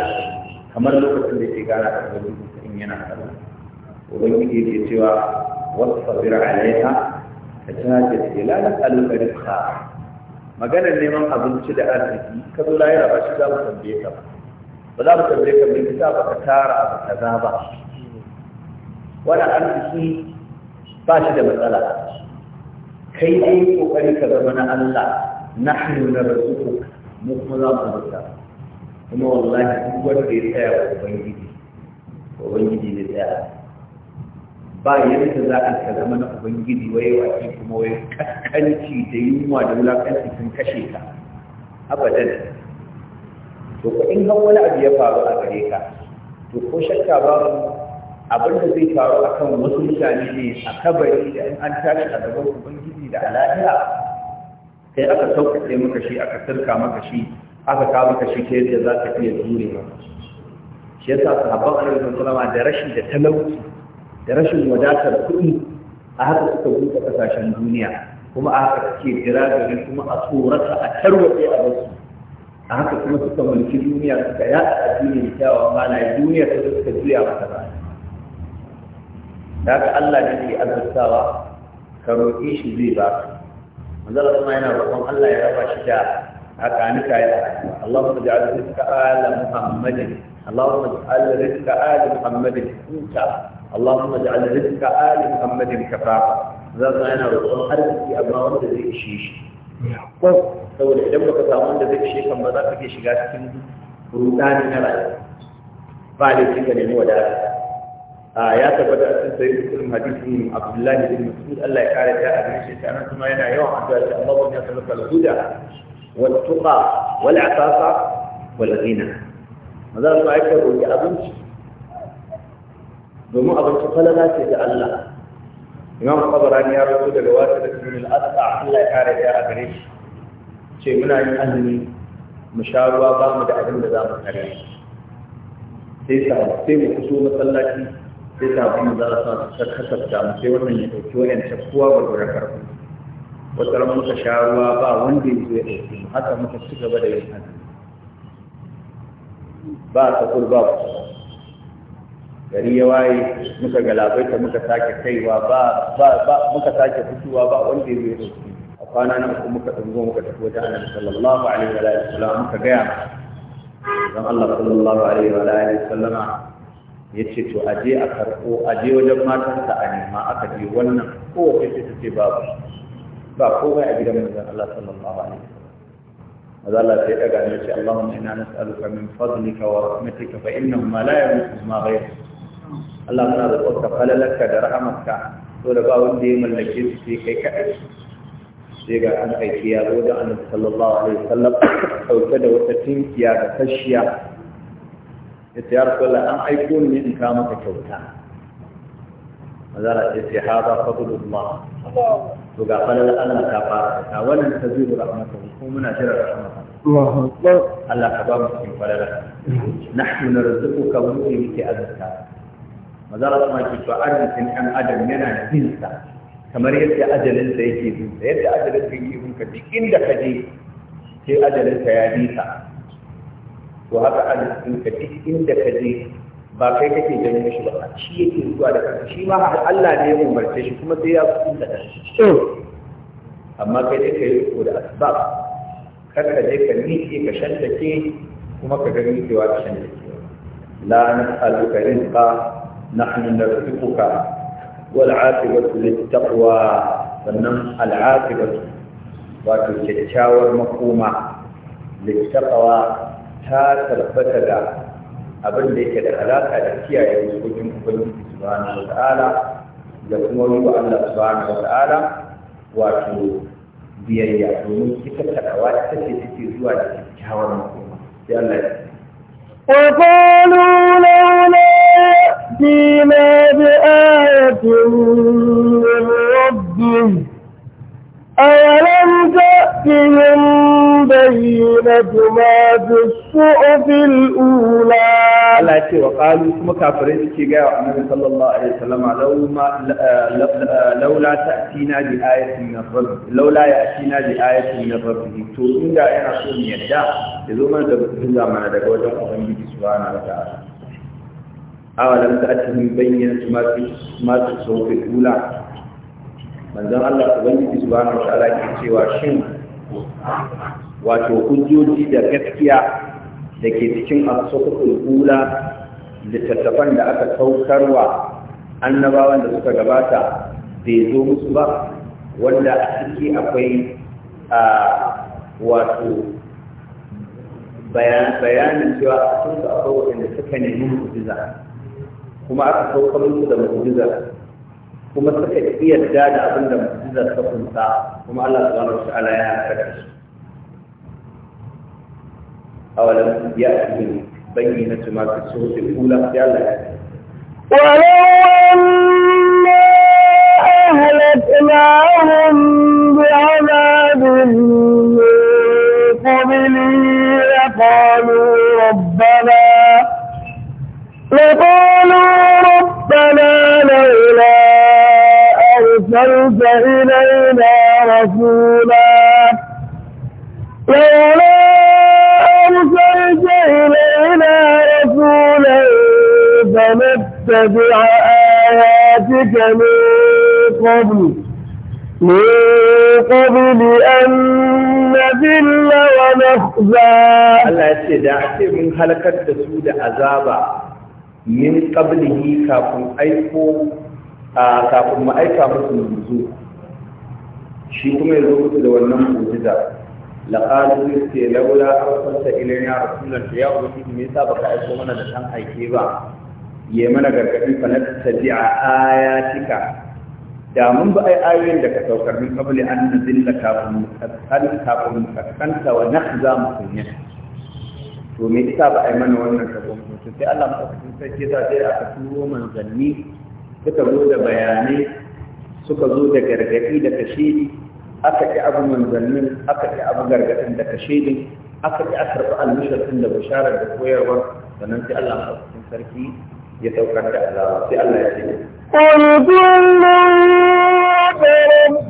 kamar lokacin da ke gana da ubangiji in yana sallah ubangiji ke cewa wasu sabira alaiha da ta ce la nas'aluka rizqa maganar neman abinci da arziki ka zo lahira ba shi za mu tambaye ka ba ba za mu tambaye ka mai kisa ba ka tara abu kaza ba wani arziki ba shi da matsala kai ne kokari ka zama na Allah nahnu narzuquka mu kuma za mu rubuta kuma wallahi duk wanda ya tsaya wa ubangiji ubangiji ne tsaya ba yadda za a ka zama na ubangiji waye wake kuma waye kaskanci da yunwa da wulakanci sun kashe ka abadan to ko in har wani abu ya faru a gare ka to ko shakka babu abin da zai faru akan wasu mutane ne a kabari da in an tashi a gaban ubangiji da alahira sai aka sauƙaƙe maka shi aka sirka maka shi aka kawo maka shi ta yadda za ka iya jure maka shi yasa sahabban annabi sallallahu alaihi wasallam da rashin da talauci da rashin wadatar kuɗi a haka suka buɗe ƙasashen duniya kuma a haka suke jira gari kuma a tsorata a tarwatse a wasu a haka kuma suka mulki duniya suka yaɗa addini da kyawawan halaye duniya ta zo suka juya mata ba da haka Allah ne ke azurtawa ka roƙe shi zai ba ka manzala kuma yana roƙon Allah ya raba shi da hakanika ya Allahumma ja'al rizqa ala Muhammadin Allahumma ja'al rizqa ala Muhammadin in اللهم اجعل رزق آل محمد كفافا zaka yana roƙon arziki amma wanda zai ishe shi ko saboda idan baka samu wanda zai ishe kan ba za ka ke shiga cikin rudani na rayuwa ba da ka nemi wadata a ya tabbata a cikin sayyid muslim abdullahi bin mas'ud Allah ya kare ta a cikin shi kuma yana yawan addu'a ta Allah ya tabbata al-huda wal abinci domin abinci falala ce ga Allah imam qabrani ya rawaito daga wasu da ibn al-asqa Allah ya kare ya a gare shi ce muna yin azumi mu sha ruwa ba mu da abin da za mu kare sai ta sai mu kuso masallaci sai ta kuma za ta ta kasafta mu sai wannan ya dauki wayan ta kowa gurgura karfi wata ran muka sha ruwa ba wanda ya zo ya dauki mu haka muka ci gaba da yin azumi ba ta kurba ba gari ya waye muka galabaita muka sake kaiwa ba ba muka sake fitowa ba wanda ya zo a kwana na uku muka dungo muka tafi wajen annabi sallallahu alaihi wa alihi wasallam muka gaya dan Allah sallallahu alaihi wa alihi wasallam yace to aje a karko aje wajen matansa a nema aka je wannan ko kowace ce ce babu ba komai a gidan manzon Allah sallallahu alaihi wasallam هذا الله سيئة قال اللهم إنا نسألك من فضلك ورحمتك فإنهما لا يمسهما غيرك Allah muna roƙonka falalarka da rahamarka to da ba wanda ya mallake su sai kai kaɗai sai ga an aiki ya zo da annabi sallallahu alaihi wasallam ɗauke da wata tinkiya da kashiya ya ce ya rasulullah an aiko ni in ka maka kyauta mazara ce sai haza fadlullah to ga falalar Allah ta fara ta wannan ta zuwa rahmatan ko muna jira rahmatan الله أكبر الله نحن نرزقك mazara kuma ke cewa arzikin ɗan adam yana bin sa kamar yadda ajalin yake bin sa yadda ajalin sa yake bin ka duk inda ka je sai ajalin sa ya bi ka to haka arzikin ka duk inda ka je ba kai kake janyo shi ba shi yake zuwa da kanka shi ma Allah ne ya umarce shi kuma sai ya fi kuɗin da shi amma kai dai ka yi ko da asbab kar ka je ka miƙe ka shantake kuma ka ga miƙewa ka shantake la nas'aluka rizqa نحن نرزقك والعاقبة للتقوى فنم العاقبة وتتشاور مفهومة للتقوى تاتربت دا abin da yake da alaƙa da kiyaye hukumin ubangiji subhanahu wa ta'ala da kuma ruwa Allah subhanahu wa ta'ala wato biyayya domin ta dawa, ta ce take zuwa da kyakkyawar makoma sai Allah ya وقالوا يأتينا بآية من ربه أولم تأتهم بينة ما في الصحف الأولى Allah ya ce wa ƙalu kuma kafirai suke gaya wa annabi sallallahu alaihi wasallam laula ta'tina bi ayatin min rabbih laula ya'tina to inda yana so mu yadda ya zo mana da mana daga wajen ubangiji subhanahu awalan ta min bayyana masu masu sauke dula manzon Allah ubangiji subhanahu wa ta'ala ke cewa shin wato hujjoji da gaskiya da ke cikin asokul dula littattafan da aka saukarwa annabawan da suka gabata bai zo musu ba wanda a ciki akwai a wato bayanin cewa a cikin akwai da suka nemi mu'jiza kuma aka sauka musu da mu'jizar kuma suka iya yarda da abin da mu'jizar ta kunsa kuma Allah subhanahu wa ta'ala ya halaka su awalam ya'tihim bayyinatu ma fi suhufil ula ya Allah أهلكناهم بعذاب من قبله قالوا ربنا أرسلت إلينا رسولا لولا أرسلت إلينا رسولا فنتبع آياتك من قبل من قبل أن نذل ونخزى ألا يتدعى من هلكت تسود عذابا من قبله كافٍ أيقو a kafin mu aika musu manzo shi kuma ya zo musu da wannan mu'jiza laqalu sai laula arsalta ilayna da ya ubangiji me yasa ka aiko mana da san aike ba ya mana gargadi fa na tabi'a ayatika da mun ba ai ayoyin da ka saukar min qabli an nazilla kafin kafin kafin kaskanta wa mu mutunya to me yasa ba ai mana wannan kafin sai Allah madaukakin sai ya sa sai aka turo manzanni suka zo da bayanai suka zo da gargaɗi da kashedi aka ƙi abu manzannin aka ƙi abu gargaɗin da kashedin aka ƙi a karɓi almishirin da bisharar da koyarwar sannan sai Allah maɗaukakin sarki ya saukar da Allah sai Allah ya ce قل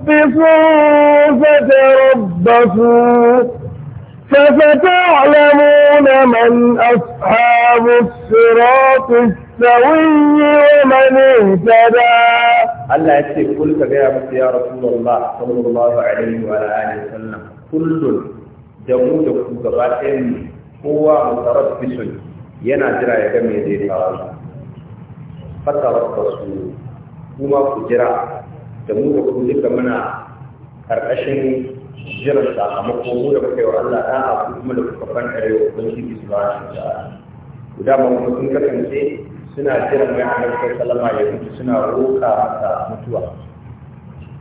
كل تربصوا فتربصوا فستعلمون من أصحاب الصراط السوي ومن اهتدى الله يتي كل كبيرة بس يا رسول الله صلى الله عليه وعلى آله وسلم كل جمود كبات هو متربص ينا جرى يجمع ديري فتربصوا كما كجرى جمود كبات منا karkashin jiran sakamako mu da kuka yi wa Allah ɗa'a kuma da kuka fanta yau don shi bisra shi suna kiran mai annabi sallama ya mutu suna roƙa masa mutuwa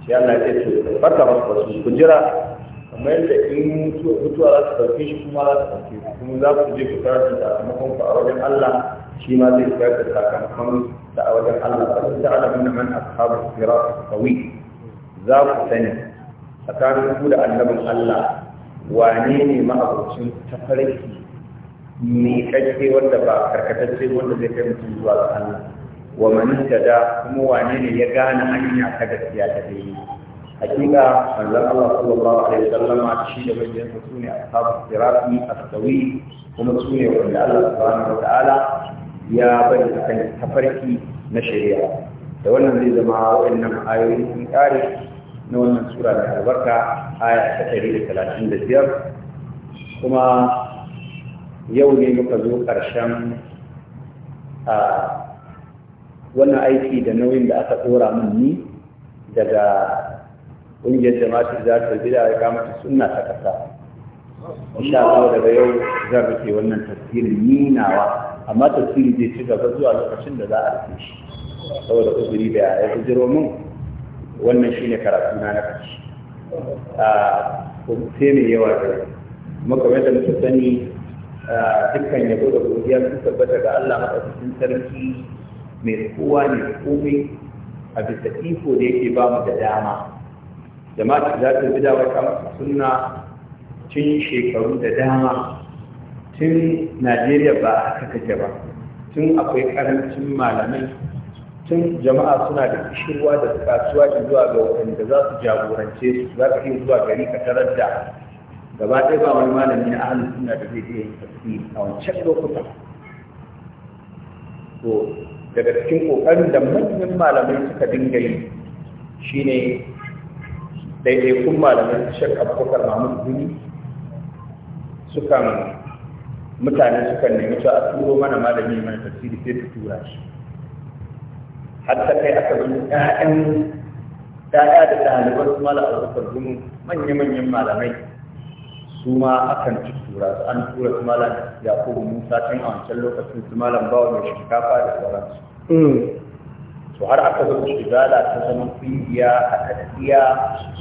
sai Allah ya ce barka wasu ku jira kamar yadda in mutuwa za su ɗauke shi kuma za su ɗauke shi, kuma za ku je ku tarar da sakamakon ku a wajen Allah shi ma zai tarar da sakamakon da a wajen Allah ba ta alamun da man ashabu sirat qawi za ku sani tsakanin ku da annabin Allah wane ne ma'abocin tafarki miƙaƙe wanda ba karkatacce wanda zai kai mutum zuwa ga Allah wa man tada kuma wane ne ya gane hanya ta gaskiya ta dai hakika manzon Allah sallallahu alaihi wasallam shi da bayyana su sune ashabu sirati as-sawi kuma sune wanda Allah subhanahu wataala ya bari kan tafarki na shari'a da wannan zai zama wa'annan ayoyi sun kare na wannan sura da albarka aya ta da talatin 135 kuma yau ne muka zo ƙarshen a wannan aiki da nauyin da aka tsora min ni daga ƙungiyar jama'atul za ta zira ya kama ta sunna ta ƙasa insha Allah daga yau zan rufe wannan tafsirin ninawa amma tafsiri zai ci gaba zuwa lokacin da za a rufe shi saboda uzuri da ya gujiro min wannan shine karatu na na ƙarshe a sai mai yawa da muka yadda muka sani dukkan yabo da godiya sun tabbata ga Allah madaukakin sarki mai kowa ne komai a bisa iko da yake ba mu da dama jama'a za ta bi wata suna tun shekaru da dama tun najeriya ba haka kake ba tun akwai karancin malamai tun jama'a suna da kishirwa da kasuwa zuwa ga waɗanda za su jagorance su za ka yi zuwa gari ka tarar da gaba ɗaya ba wani malami na ahalin suna da zai iya yin tafsiri a wancan lokuta to daga cikin ƙoƙarin da manyan malamai suka dinga yi shine daidaikun malamai shek abubakar mahmud duni sukan mutane sukan nemi cewa a turo mana malami mana tafsiri sai ta tura shi har ta kai aka zo ƴaƴan ƴaƴa da ɗaliban su malam abubakar duni manya-manyan malamai su ma akan ci tura su an tura su malam yakubu musa tun a wancan lokacin su malam bawa mai shinkafa da sauransu mm. to har aka zo gala ta zama kungiya a tafiya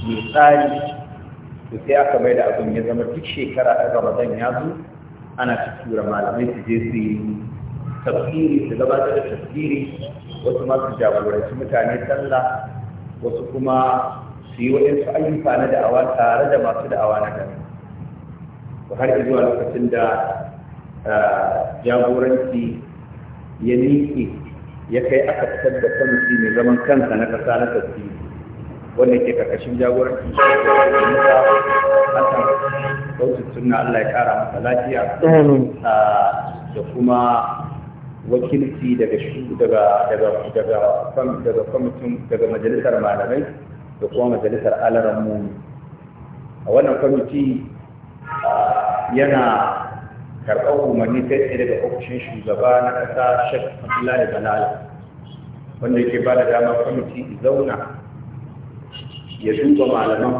mai tsari to sai aka mai da abin ya zama duk shekara a ramadan ya zo ana ci tura malamai su je su yi tafsiri su gabatar da tafsiri wasu ma su jagoranci mutane sallah wasu kuma su yi waɗansu ayyuka na da'awa tare da masu da'awa na gari har zuwa lokacin da eh, jagoranci ya niƙe ya kai aka fitar da kwamiti mai zaman kansa na kasa na tafi wanda ke ƙarƙashin jagoranci shi da hasan sautin suna Allah ya ƙara masa lafiya eh, da kuma wakilci daga daga kwamitin daga majalisar malamai da kuma majalisar alaran mu a wannan kwamiti yana karɓar umarni ta daga ofishin shugaba na ƙasa shek abdullahi balala wanda yake ba da dama kwamiti zauna ya duba malaman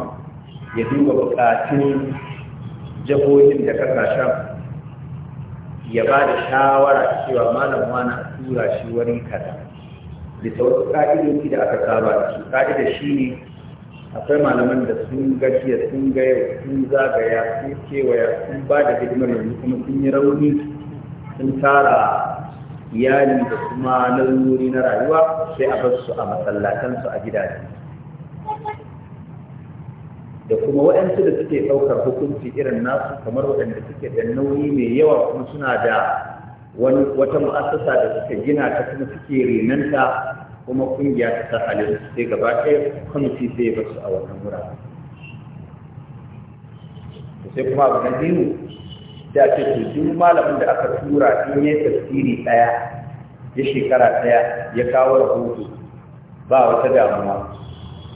ya duba buƙatun jihohin da ƙasashen ya ba da shawara cewa malam wani tura shi wani kaza bisa wasu ƙa'idoji da aka saba da su ƙa'idar shi ne akwai malaman da sun gajiya sun ga yau sun zagaya sun kewaya sun ba da hidimar yanzu kuma sun yi rauni sun tara iyali da kuma lalurori na rayuwa sai a basu a masallatansu a gidaje da kuma waɗansu da suke ɗaukar hukunci irin nasu kamar waɗanda suke da nauyi mai yawa kuma suna da wata mu'assasa da suka gina ta kuma suke renanta kuma kungiya ta sa halin sai gaba ɗaya kwamiti zai ba su a wannan wurare sai kuma abu na biyu da ce to duk malamin da aka tura in yi tafsiri ɗaya ya shekara ɗaya ya kawo rahoto ba wata damuwa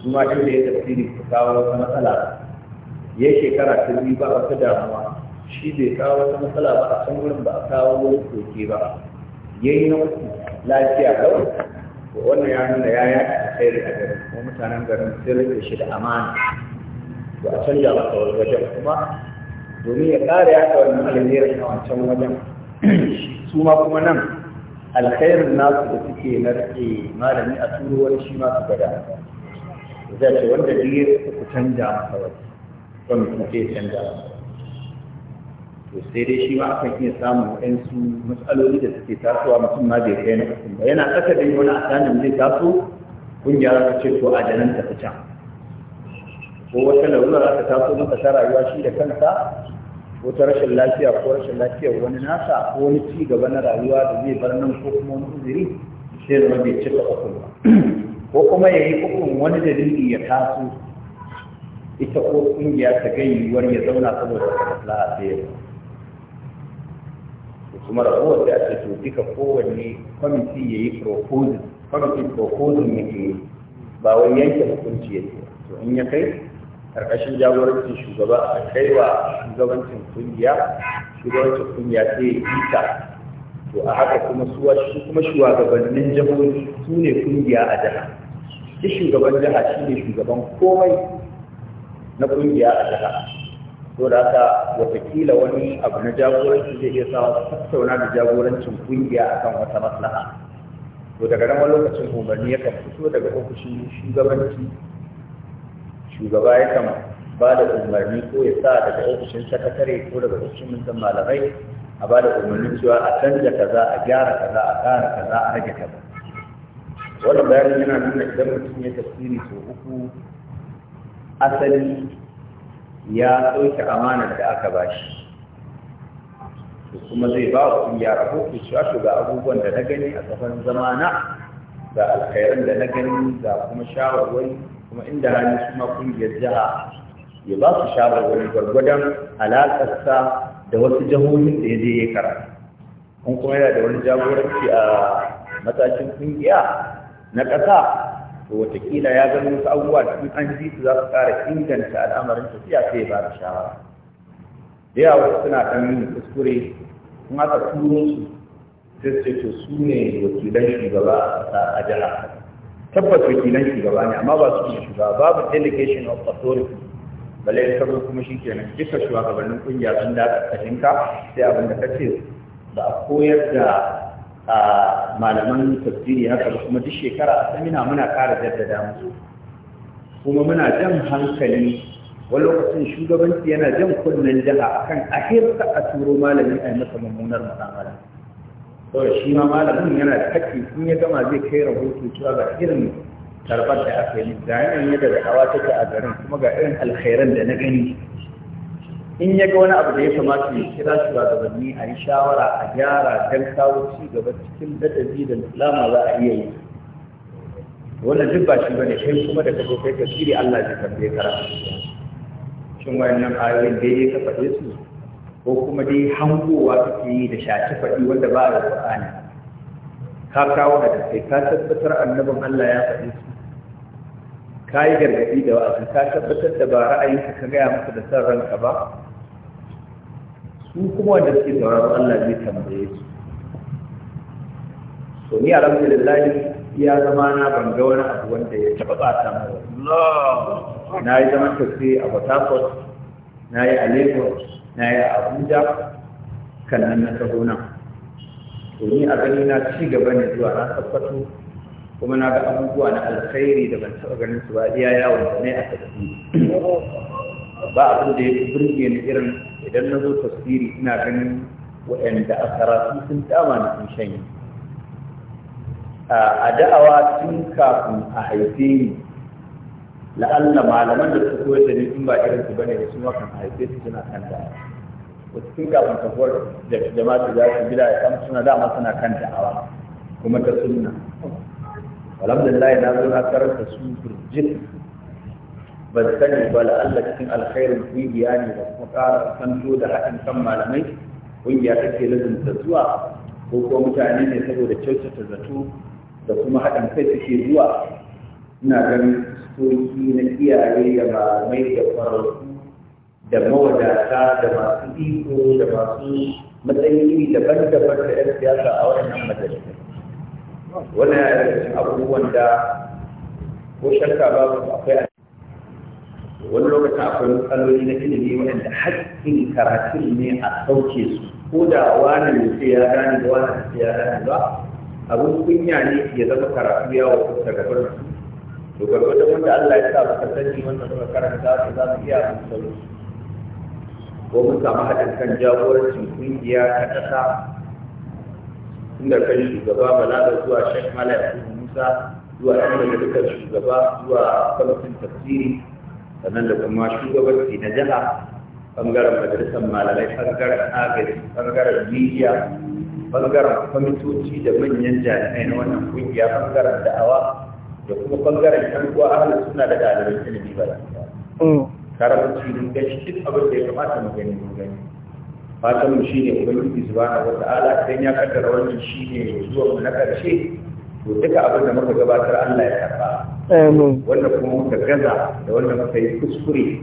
kuma in da ya tafsiri ka kawo wata matsala ya shekara ta biyu ba wata damuwa shi bai kawo wata matsala ba a can wurin ba a kawo wani koke ba ya yi na lafiya kawai wannan ya nuna ya yaɗa alkhairi a garin kuma mutanen garin sun rike shi da amana To a canja masa wani wajen kuma domin ya ƙara yaɗa wannan alherin a wancan wajen su ma kuma nan alkhairin nasu da suke na rike malami a turu wani shi ma su gada zai ce wanda duk ya suka canja masa wani wanda kuma canja masa to sai dai shi ma akan iya samun waɗansu matsaloli da suke tasowa mutum ma bai kai na ƙasin ba yana ƙasa da wani asanin zai taso kungiya za ta ce to a janan ta can ko wata larura za ta taso maka ta rayuwa shi da kansa ta rashin lafiya ko rashin lafiyar wani nasa ko wani ci gaba na rayuwa da zai bar nan ko kuma wani uzuri sai zama bai cika ukun ba ko kuma ya yi ukun wani dalili ya taso ita ko kungiya ta gayyuwar ya zauna saboda ta maslaha a tsaye kuma rabuwar da ake so duka kowanne kwamiti ya yi proposal kwamiti proposal muke yi ba wani yanke hukunci ya ce to in ya kai karkashin jagorancin shugaba a kai wa shugabancin kungiya shugabancin kungiya sai yi ita to a haka kuma suwa shi kuma shugabannin jihohi su ne kungiya a jiha shi shugaban jiha shi ne shugaban komai na kungiya a jiha ko da haka watakila wani abu na jagoranci zai iya sa tattauna da jagorancin kungiya akan wata maslaha to daga nan lokacin umarni kan fito daga ofishin shugabanci shugaba ya yakan ba da umarni ko ya sa daga ofishin sakatare ko daga ofishin malamai a ba da umarnin cewa a canja kaza a gyara kaza a ƙara kaza a rage kaza wannan bayanin yana nuna idan mutum ya tafsiri sau uku asali ya ɗauki amanar da aka ba shi kuma zai ba wa kungiya rahoto cewa ga abubuwan da na gani a kafan zamana ga alkhairan da na gani ga kuma shawarwari kuma inda hali kuma kungiyar jiha ya ba su shawarwari gwargwadon alaƙarsa da wasu jihohin da ya je ya karatu kuma yana da wani jagoranci a matakin ƙungiya na ƙasa to watakila ya zama wasu abubuwa da in an ji su za su ƙara inganta al'amarin tafiya sai ba da shawara da yawa suna ɗan yin kuskure kuma aka turo su sai su ce su ne wakilan shugaba a jiha tabbas wakilan shugaba ne amma ba su ne shugaba babu delegation of authority balle ya sabo kuma shi kenan duka shugabannin kungiya sun da ƙarƙashin ka sai abin da ka ce ba a koyar da A malaman tafsiri haka kuma duk shekara a samina muna ƙara jaddada musu kuma muna jan hankali wani lokacin shugabanci yana jan kunnen jiha kan a hirka a turo malami a yi masa mummunar mu'amala to shi ma malamin yana taki in ya gama zai kai rahoto cewa ga irin tarbar da aka yi da yanayin yadda da hawa take a garin kuma ga irin alkhairan da na gani in ya ga wani abu da ya kamata ya kira shugabanni a yi shawara a gyara don kawo ci gaba cikin ladabi da lama za a iya yi wannan duk ba shi bane kai kuma da kafa kai tafsiri Allah ya tambaye ka ra'a shin wayannan ayoyin da ya faɗe su ko kuma dai hangowa kake yi da shaci faɗi wanda ba a Qur'ani ka kawo da kai ka tabbatar annabin Allah ya faɗi su ka yi gargaɗi da wa'azi ka tabbatar da ba ra'ayinka ka gaya masa da san ranka ba su kuma wanda suke sauraro Allah zai tambaye su to ni alhamdulillah ya zama na banga wani abu wanda ya taba bata mu na yi zaman tafi a Port Harcourt na yi a Lagos na yi a Abuja kan nan na taho nan to ni a gani na ci gaba ne zuwa na tabbato kuma na ga abubuwa na alkhairi da ban taba ganin su ba iya yawon ne a tafi ba abin da ya fi burge ni irin idan na zo tafsiri ina ganin waɗanda a karatu sun dama na sun shanye a da'awa tun kafin a haife ni la'alla malaman da suka koyar da ni tun ba irin su bane da su ma kan haife su suna kan da'awa wasu tun kafin kafuwar da jama'a su za su gida ya samu suna dama suna kan da'awa kuma ta sunna alhamdulillah na zo na karanta su burjit ba da sani ba la'alla cikin alkhairin kungiya ne ba kuma ƙara santo da haɗin kan malamai kungiya take lazumta zuwa ko kuma mutane ne saboda kyautata zato da kuma haɗin kai take zuwa ina ganin soki na iyaye da malamai da ƙwararru da mawadata da masu iko da masu matsayi daban-daban da 'yan siyasa a waɗannan majalisar wannan abubuwan da ko shakka babu akwai wani lokaci akwai matsaloli na ilimi waɗanda haƙƙin karatun ne a sauke su ko da wani sai ya gane da wani mutum ya gane ba abin kunya ne ya zama karatu ya wasu daga su. to da wanda Allah ya sa suka sani wanda suka karanta su za su iya mun sauri ko mun samu haɗin kan jagorancin kungiya ta ƙasa inda kai shugaba balaga zuwa shek malaya musa zuwa ɗan daga dukkan shugaba zuwa kwamitin tafsiri sannan da kuma shugabanci na jiha bangaren majalisar malamai bangaren agaji bangaren media bangaren kwamitoci da manyan jami'ai na wannan kungiya bangaren da'awa da kuma bangaren yan uwa ahli suna da ɗaliban ilimi ba da mm. karamci mun shi duk abin da ya kamata mu gani mu gani fatan mu shine ubangiji subhanahu wata'ala idan ya kaddara wannan shine zuwa mu na karshe duka abin da muka gabatar Allah ya karba wanda kuma muka gaza da wanda muka yi kuskure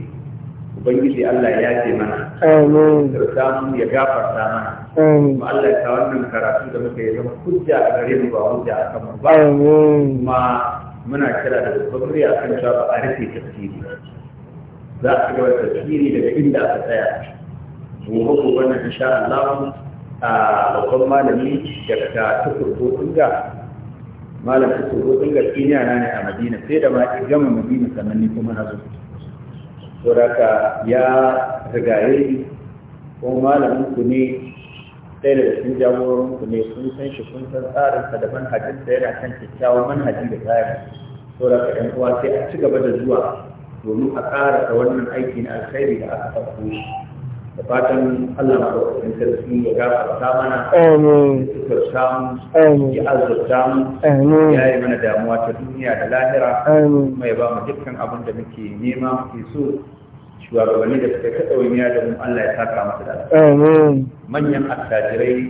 ubangiji Allah ya yake mana amin samu ya gafarta mana amin Allah ya sa wannan karatu da muka yi zama hujja a gare mu ba hujja a kan mu ba kuma muna kira da babbar a kan cewa a rufe tafsiri za a gaba tafsiri daga inda aka tsaya gobe gobe na insha Allah a babban malami daga ta tukur ko tunga malam ku tsoro sun gaske ni yana ne a madina sai da ma ki gama madina sannan ni kuma na zo to raka ya rigaye yayi ko malamin ku ne sai da sun jagororin ku ne sun san shi kun san tsarin sa da manhajin da yana kan kyakkyawan manhaji da tsari to raka ɗan uwa sai a ci gaba da zuwa domin a ƙara da wannan aiki na alkhairi da aka ɗauko shi da fatan Allah ma ɗaukakin sarki ya gafarta mana amin suturta mu ya azurta mu amin ya yi mana damuwa ta duniya da lahira kuma ya ba mu dukkan abin da muke nema muke so shugabanni da suka kaɗa wani da mu Allah ya saka masa da amin manyan attajirai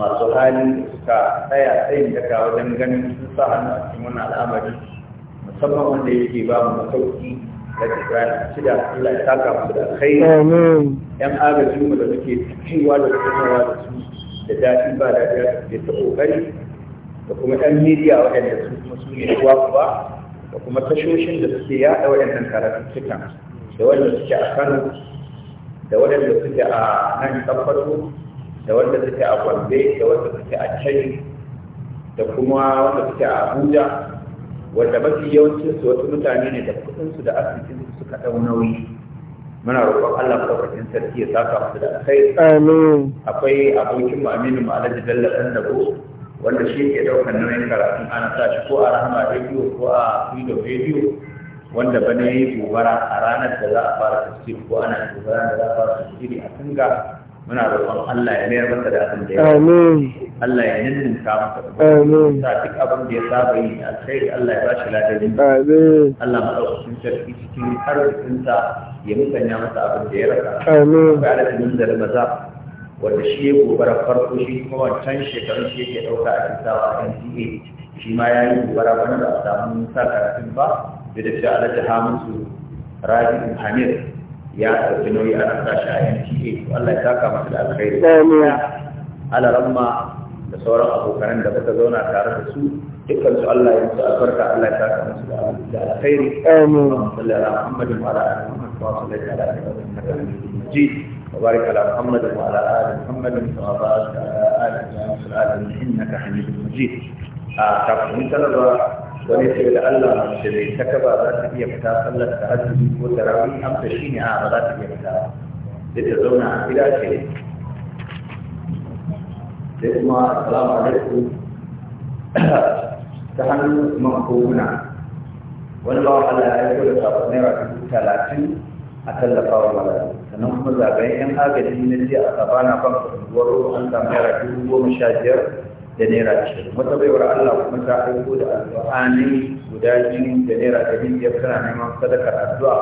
masu hali suka tsaya tsayin daga wajen ganin sun sa hannu a cikin wannan al'amari musamman wanda yake ba mu masauki da Ibrahim shida Allah ya saka musu da kai. yan agajinmu da suke kaiwa da kusurwa da su da daɗi ba da ya suke ta ƙoƙari da kuma ɗan media waɗanda su kuma su ne kuwa kuwa da kuma tashoshin da suke yaɗa waɗannan karatuttukan da wanda suke a kano da waɗanda suke a nan tabbato da wanda suke a gombe da wanda suke a chai da kuma wanda suke a abuja wanda mafi yawancin su wasu mutane ne da kuɗinsu da asibitin suka ɗau nauyi muna roƙon Allah madaukakin sarki ya saka masu da kai amin akwai abokin mu Aminu Malaji Bello dan Dabo wanda shi ke daukar nauyin karatun ana sa shi ko a Rahama Radio ko a Freedom Radio wanda ba ne yi gobara a ranar da za a fara tafsiri ko ana gobara da za a fara tafsiri a tunga muna roƙon Allah ya mayar masa da abin da ya amin Allah ya ninninka masa amin sa duk abin da ya saba yi kai Allah ya ba shi ladari amin Allah madaukakin sarki cikin arzikinsa ya musanya masa abin da ya raka amin ga adadin da maza wanda shi ya gobara farko shi kuma wancan shekarun shi yake ɗauka a cikin sawa a NCA shi ma ya yi gobara wani da a samu sa karatun ba da da shi hamisu rabi hamir ya ɗauki nauyi a rasa shi a NCA to Allah ya saka masa da alkhairi alaramma da sauran abokanan da muka zauna tare da su dukkan su Allah ya sa albarka Allah ya saka musu da alkhairi amin sallallahu alaihi wa ala alihi wa sahbihi ala ji وبارك على محمد وعلى ال محمد كما باركت على ال محمد في العالمين انك حميد مجيد. kafin sanarwa wani sai da Allah da bai saka ba za ta iya fita sallar ta azumi ko tarawih amsa shine a ba za ta iya fita da ta zauna a gida ce sai kuma assalamu alaikum ta hannun mamakoguna wani ba wa Allah ya aiko da sabon naira dubu talatin a tallafa wa marayu sannan kuma zagayen yan agaji na jiya a sabana ban kasuwar an samu naira dubu goma sha biyar da naira ashirin wata baiwar Allah kuma ta aiko da alƙur'ani guda biyu da naira ɗari biyar tana neman sadakar addu'a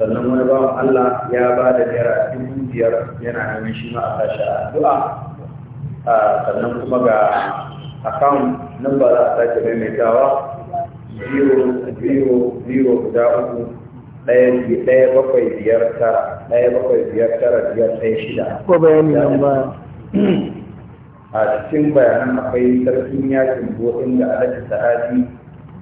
sannan wani bawan Allah ya ba da naira dubu biyar yana neman shi ma a sashi addu'a ah, sannan kuma ga account namba za a sake maimaitawa 000 guda uku bakwai biyar tara biyar ɗaya shida. Ko bayani A cikin bayanan akwai sarkin yakin Bodinga Alhaji Sa'adi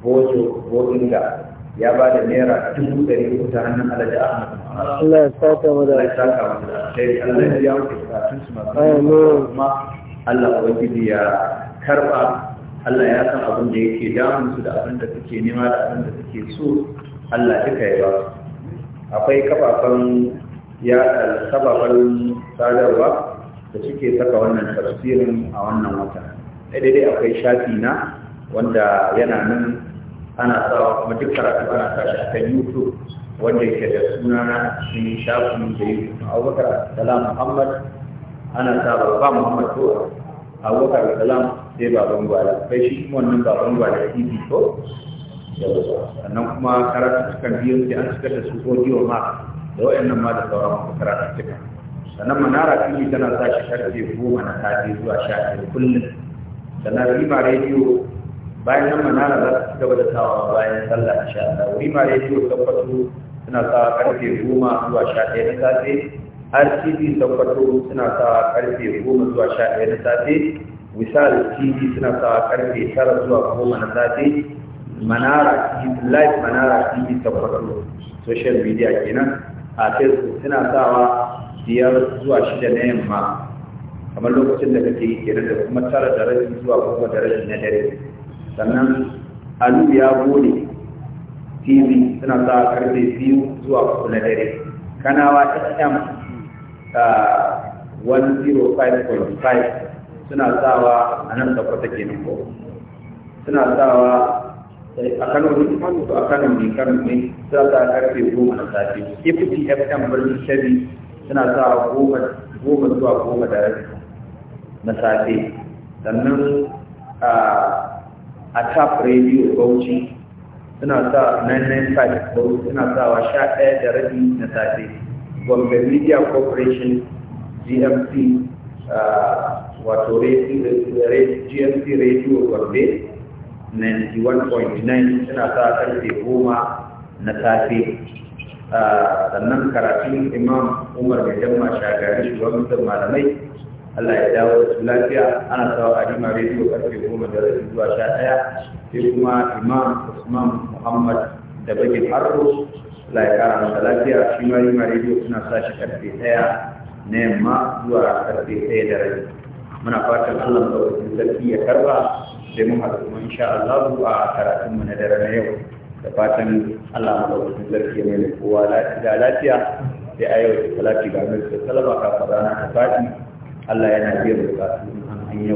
Boso Bodinga ya ba da naira dubu ɗari uku ta hannun Alhaji Ahmad. Allah ya Allah ya saka mu da. Sai ya karba Allah ya san abin da yake damun su da abin da suke nema da abin da suke so Allah duka ya ba akwai kafafen ya sababan sadarwa da suke saka wannan tafsirin a wannan wata daidai akwai shafi na wanda yana nan ana sawa kuma duk karatu ana sa shi akan youtube wanda yake da suna na cikin shafin da yake abubakar salam muhammad ana sa babba muhammad to abubakar salam sai baban gwala kai shi kuma wannan baban gwala ya yi ko sannan kuma karatu sukan biyo sai an cika da su audio ma da wayannan ma da sauran karatu suka sannan manara tv tana sa shi karfe goma na safe zuwa sha ɗaya kullum sannan rima rediyo bayan nan manara za su gaba da sawa bayan sallah insha Allah rima rediyo tabbato suna sa karfe goma zuwa sha ɗaya na safe rtv tabbatu suna sa karfe goma zuwa sha ɗaya na safe misal tv suna sawa karfe tara zuwa goma na safe manara tv live manara tv ta kwakwalwa social media kenan a facebook suna sawa biyar zuwa shida na yamma kamar lokacin da kake yi kenan da kuma tara da rabi zuwa goma da rabi na dare sannan alu ya gode tv suna sawa karfe biyu zuwa uku na dare kanawa fm 105.5 ah, suna sawa a nan tabbata kenan ko suna sawa eh, a kano ne a kano ne kano ne suna sawa karfe goma na safe ifti fm birnin shabi suna sawa goma goma zuwa goma da rabi na safe sannan a tap radio bauchi suna sa 995 bauchi suna sawa sha ɗaya da rabi na safe Gombe Media Corporation GMC wato gmt Radio Gombe 91.9 suna sa karfe goma na safe ah, sannan karatun imam umar mai jamma shagari shugaban malamai Allah ya dawo da su lafiya ana sawa a jima radio karfe goma da rabi zuwa sha ɗaya sai kuma imam usman muhammad da bagin harko Allah ya kara masa lafiya shi ma jima radio suna sa shi karfe ɗaya na yamma zuwa karfe ɗaya da rabi muna fatan Allah wajen sarki ya karba sai mun haɗu kuma insha Allah a karatun mu na dare na yau da fatan Allah wajen sarki ya mai kowa lafiya lafiya sai a yau da salati ga mai da salama kafin rana ta fadi Allah yana biya su an